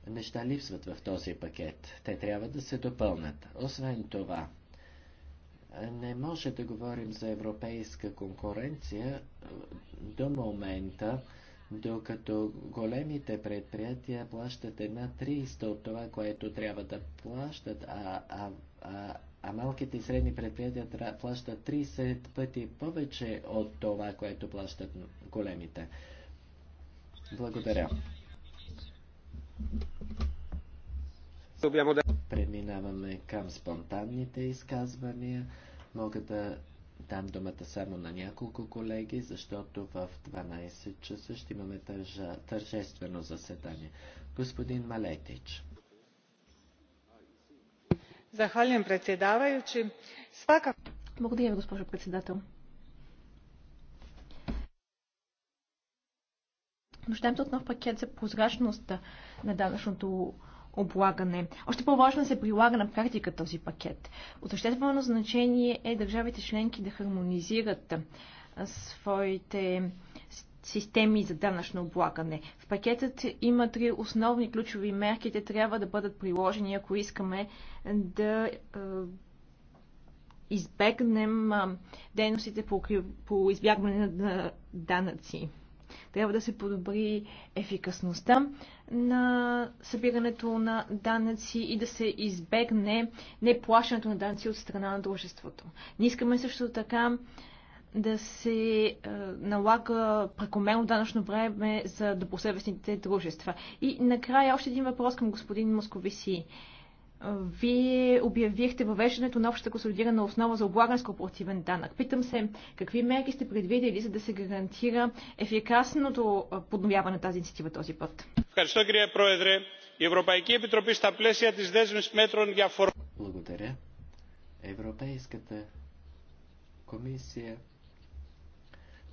неща липсват в този пакет. Те трябва да се допълнат. Освен това, не може да говорим за европейска конкуренция до момента, докато големите предприятия плащат една 300 от това, което трябва да плащат, а, а, а а малките и средни предприятия плащат 30 пъти повече от това, което плащат големите. Благодаря. Преминаваме към спонтанните изказвания. Мога да дам думата само на няколко колеги, защото в 12 часа ще имаме тържа, тържествено заседание. Господин Малетич. Благодаря госпожо председател. Нуждаем се от нов пакет за прозрачност на данъчното облагане. Още по-важно се прилага на практика този пакет. От съществено значение е държавите членки да хармонизират своите системи за данъчно облагане. В пакетът има три основни ключови мерки. Те трябва да бъдат приложени, ако искаме да избегнем дейностите по, по избягване на данъци. Трябва да се подобри ефикасността на събирането на данъци и да се избегне неплащането на данъци от страна на дружеството. Не искаме също така да се е, налага прекомерно данъчно време за добросъвестните дружества. И накрая още един въпрос към господин Московиси. Вие обявихте въвеждането на общата консолидирана основа за облаган с корпоративен данък. Питам се, какви мерки сте предвидели, за да се гарантира ефикасното е, подновяване на тази инициатива този път? Благодаря. Европейската комисия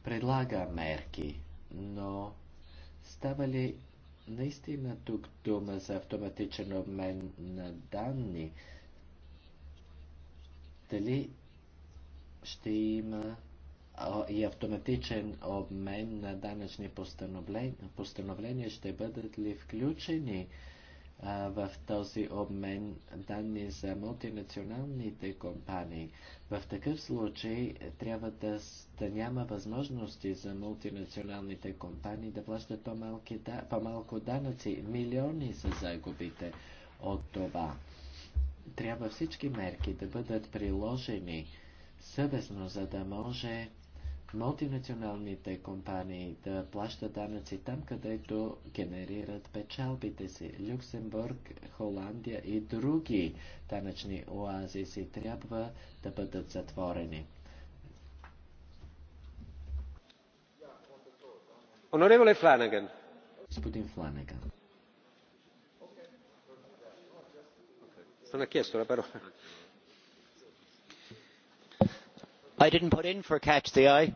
предлага мерки, но става ли наистина тук дума за автоматичен обмен на данни? Дали ще има и автоматичен обмен на данъчни постановления, ще бъдат ли включени в този обмен данни за мултинационалните компании. В такъв случай е, трябва да, да няма възможности за мултинационалните компании да плащат по да, по-малко данъци. Милиони са загубите от това. Трябва всички мерки да бъдат приложени съвестно, за да може мултинационалните компании да плащат данъци там, където генерират печалбите си. Люксембург, Холандия и други данъчни оазиси трябва да бъдат затворени. Оноревле Фланаган. Господин Фланаган. Non ha chiesto la parola. I didn't put in for catch the eye.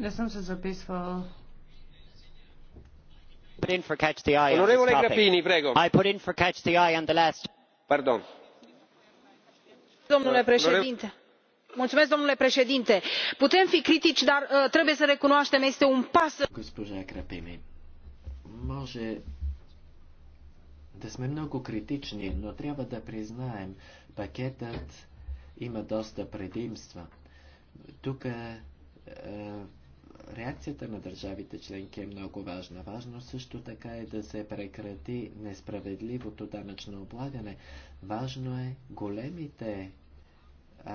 Не съм се записвал. Put in for catch the eye. Onorevole Grappini, prego. I put in for catch the eye on the last. Pardon. Domnule președinte Mulțumesc, domnule președinte putem fi critici dar uh, trebuie să recunoaștem este un pas. госпожа крапини може да сме много критични но трябва да признаем пакетът има доста предимства. Тук е, е, реакцията на държавите членки е много важна. Важно също така е да се прекрати несправедливото данъчно облагане. Важно е големите е,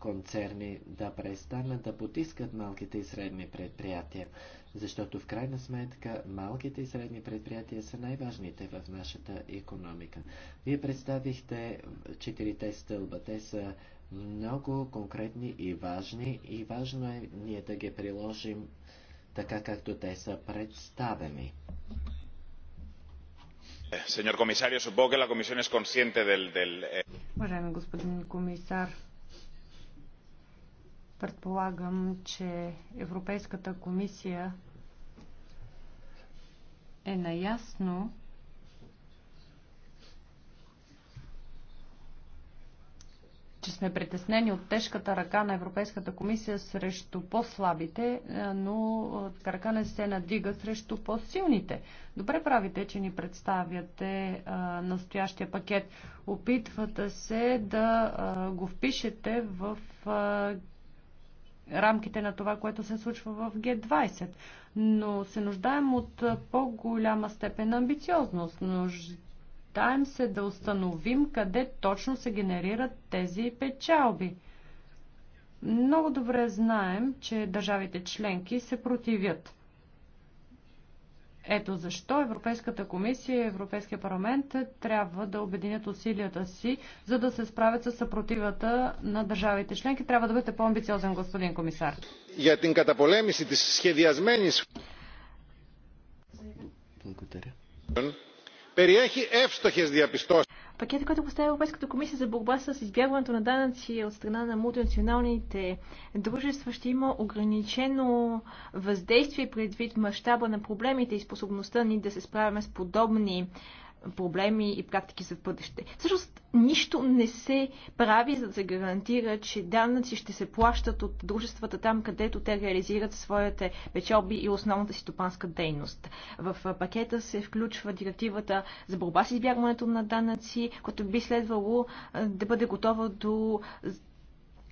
концерни да престанат да потискат малките и средни предприятия, защото в крайна сметка малките и средни предприятия са най-важните в нашата економика. Вие представихте четирите стълба. Те са много конкретни и важни и важно е ние да ги приложим така както те са представени. Señor supongo que la comisión es consciente del... del... Eh, Уважаеми господин комисар, предполагам, че Европейската комисия е наясно, че сме притеснени от тежката ръка на Европейската комисия срещу по-слабите, е, но е, ръка не се надига срещу по-силните. Добре правите, че ни представяте а, е, настоящия пакет. Опитвате се да а, го впишете в а, рамките на това, което се случва в Г20. Но се нуждаем от по-голяма степен амбициозност. Нужда опитаем се да установим къде точно се генерират тези печалби. Много добре знаем, че държавите членки се противят. Ето защо Европейската комисия и Европейския парламент трябва да обединят усилията си, за да се справят с съпротивата на държавите членки. Трябва да бъдете по-амбициозен, господин комисар. Για την καταπολέμηση της σχεδιασμένης... Благодаря περιέχει εύστοχες διαπιστώσεις. Пакетът, който поставя Европейската комисия за борба с избягването на данъци от страна на мултинационалните дружества, ще има ограничено въздействие предвид мащаба на проблемите и способността ни да се справяме с подобни проблеми и практики за бъдеще. Всъщност нищо не се прави, за да се гарантира, че данъци ще се плащат от дружествата там, където те реализират своите печоби и основната си стопанска дейност. В пакета се включва директивата за борба с избягването на данъци, което би следвало да бъде готова до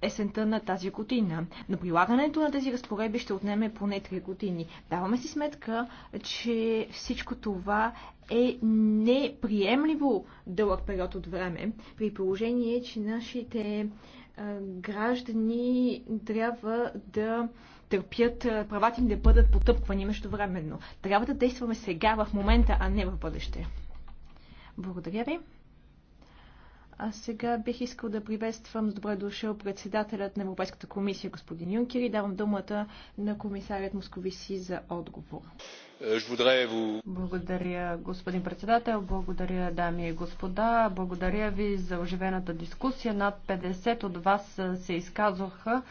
есента на тази година. Но прилагането на тези разпоредби ще отнеме поне 3 години. Даваме си сметка, че всичко това е неприемливо дълъг период от време, при положение, че нашите е, граждани трябва да търпят е, правата им да бъдат потъпквани междувременно. Трябва да действаме сега, в момента, а не в бъдеще. Благодаря ви. А сега бих искал да приветствам с добре дошъл председателят на Европейската комисия господин Юнкер и давам думата на комисарят Московиси за отговор. Euh, Благодаря, господин председател. Благодаря, дами и господа. Благодаря ви за оживената дискусия. Над 50 от вас се изказваха,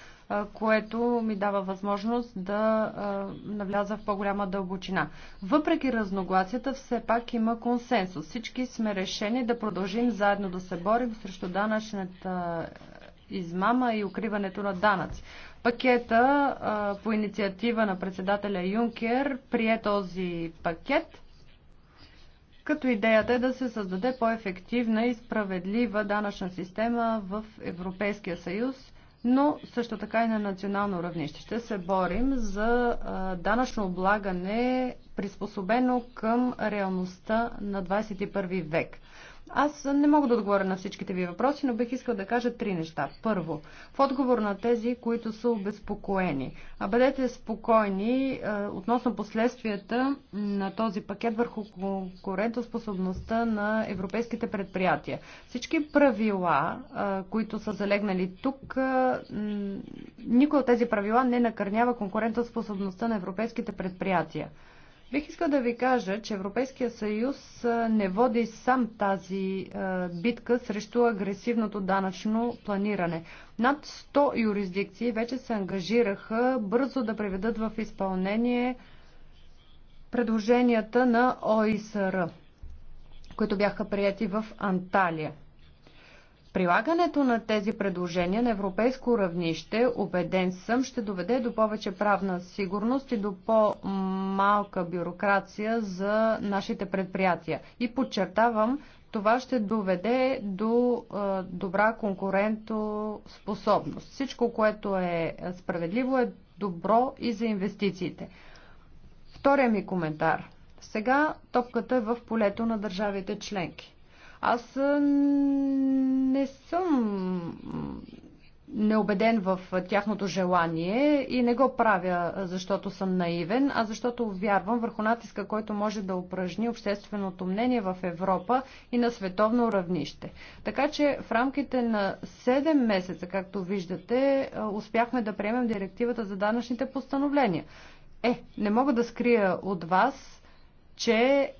което ми дава възможност да навляза в по-голяма дълбочина. Въпреки разногласията, все пак има консенсус. Всички сме решени да продължим заедно да се борим срещу данъчната измама и укриването на данъци. Пакета а, по инициатива на председателя Юнкер прие този пакет, като идеята е да се създаде по-ефективна и справедлива данъчна система в Европейския съюз, но също така и на национално равнище. Ще се борим за а, данъчно облагане, приспособено към реалността на 21 век. Аз не мога да отговоря на всичките ви въпроси, но бих искал да кажа три неща. Първо, в отговор на тези, които са обезпокоени, а бъдете спокойни а, е, относно последствията на този пакет върху конкурентоспособността на европейските предприятия. Всички правила, а, е, които са залегнали тук, а, е, никой от тези правила не накърнява конкурентоспособността на европейските предприятия. Бих искал да ви кажа, че Европейския съюз не води сам тази битка срещу агресивното данъчно планиране. Над 100 юрисдикции вече се ангажираха бързо да приведат в изпълнение предложенията на ОИСР, които бяха прияти в Анталия. Прилагането на тези предложения на европейско равнище, убеден съм, ще доведе до повече правна сигурност и до по-малка бюрокрация за нашите предприятия. И подчертавам, това ще доведе до добра конкурентоспособност. Всичко, което е справедливо, е добро и за инвестициите. Втория ми коментар. Сега топката е в полето на държавите членки. Аз не съм неубеден в тяхното желание и не го правя, защото съм наивен, а защото вярвам върху натиска, който може да упражни общественото мнение в Европа и на световно равнище. Така че в рамките на 7 месеца, както виждате, успяхме да приемем директивата за данъчните постановления. Е, не мога да скрия от вас, че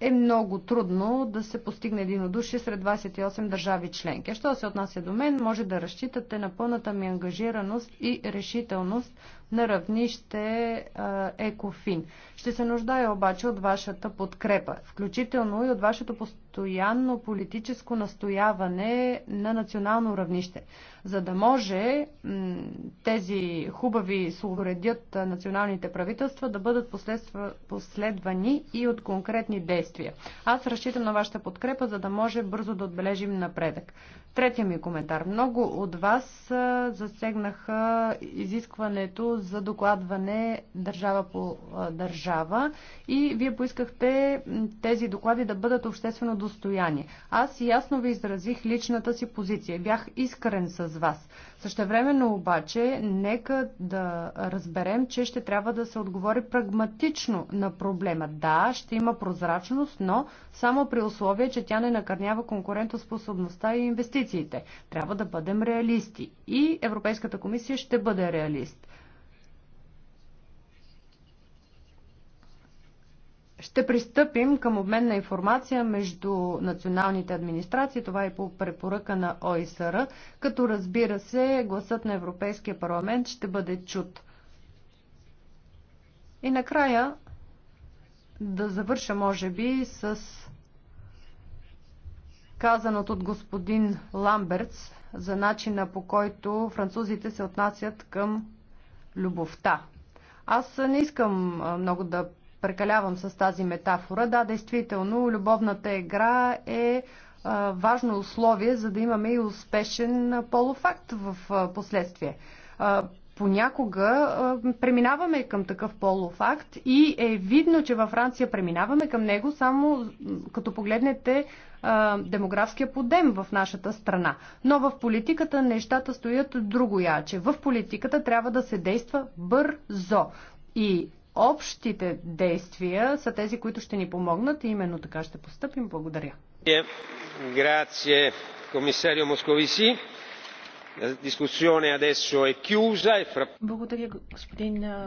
е много трудно да се постигне единодушие сред 28 държави членки. Що се отнася до мен, може да разчитате на пълната ми ангажираност и решителност на равнище ЕКОФИН. Ще се нуждая обаче от вашата подкрепа, включително и от вашето постоянно политическо настояване на национално равнище, за да може тези хубави словоредят националните правителства да бъдат последвани и от конкретни действия. Аз разчитам на вашата подкрепа, за да може бързо да отбележим напредък. Третия ми коментар. Много от вас засегнаха изискването за докладване държава по държава и вие поискахте тези доклади да бъдат обществено достояние. Аз ясно ви изразих личната си позиция. Бях искрен с вас. Същевременно обаче, нека да разберем, че ще трябва да се отговори прагматично на проблема. Да, ще има прозрачност, но само при условие, че тя не накърнява конкурентоспособността и инвестициите. Трябва да бъдем реалисти. И Европейската комисия ще бъде реалист. Ще пристъпим към обмен на информация между националните администрации, това е по препоръка на ОИСР, като разбира се гласът на Европейския парламент ще бъде чут. И накрая да завърша, може би, с казаното от господин Ламбертс за начина по който французите се отнасят към любовта. Аз не искам много да прекалявам с тази метафора. Да, действително, любовната игра е важно условие, за да имаме и успешен полуфакт в последствие. Понякога преминаваме към такъв полуфакт и е видно, че във Франция преминаваме към него само като погледнете демографския подем в нашата страна. Но в политиката нещата стоят друго яче. В политиката трябва да се действа бързо. И общите действия са тези, които ще ни помогнат и именно така ще поступим. Благодаря. Грация, комисарио Московиси. Дискусионе адесо е кюза. Благодаря, господин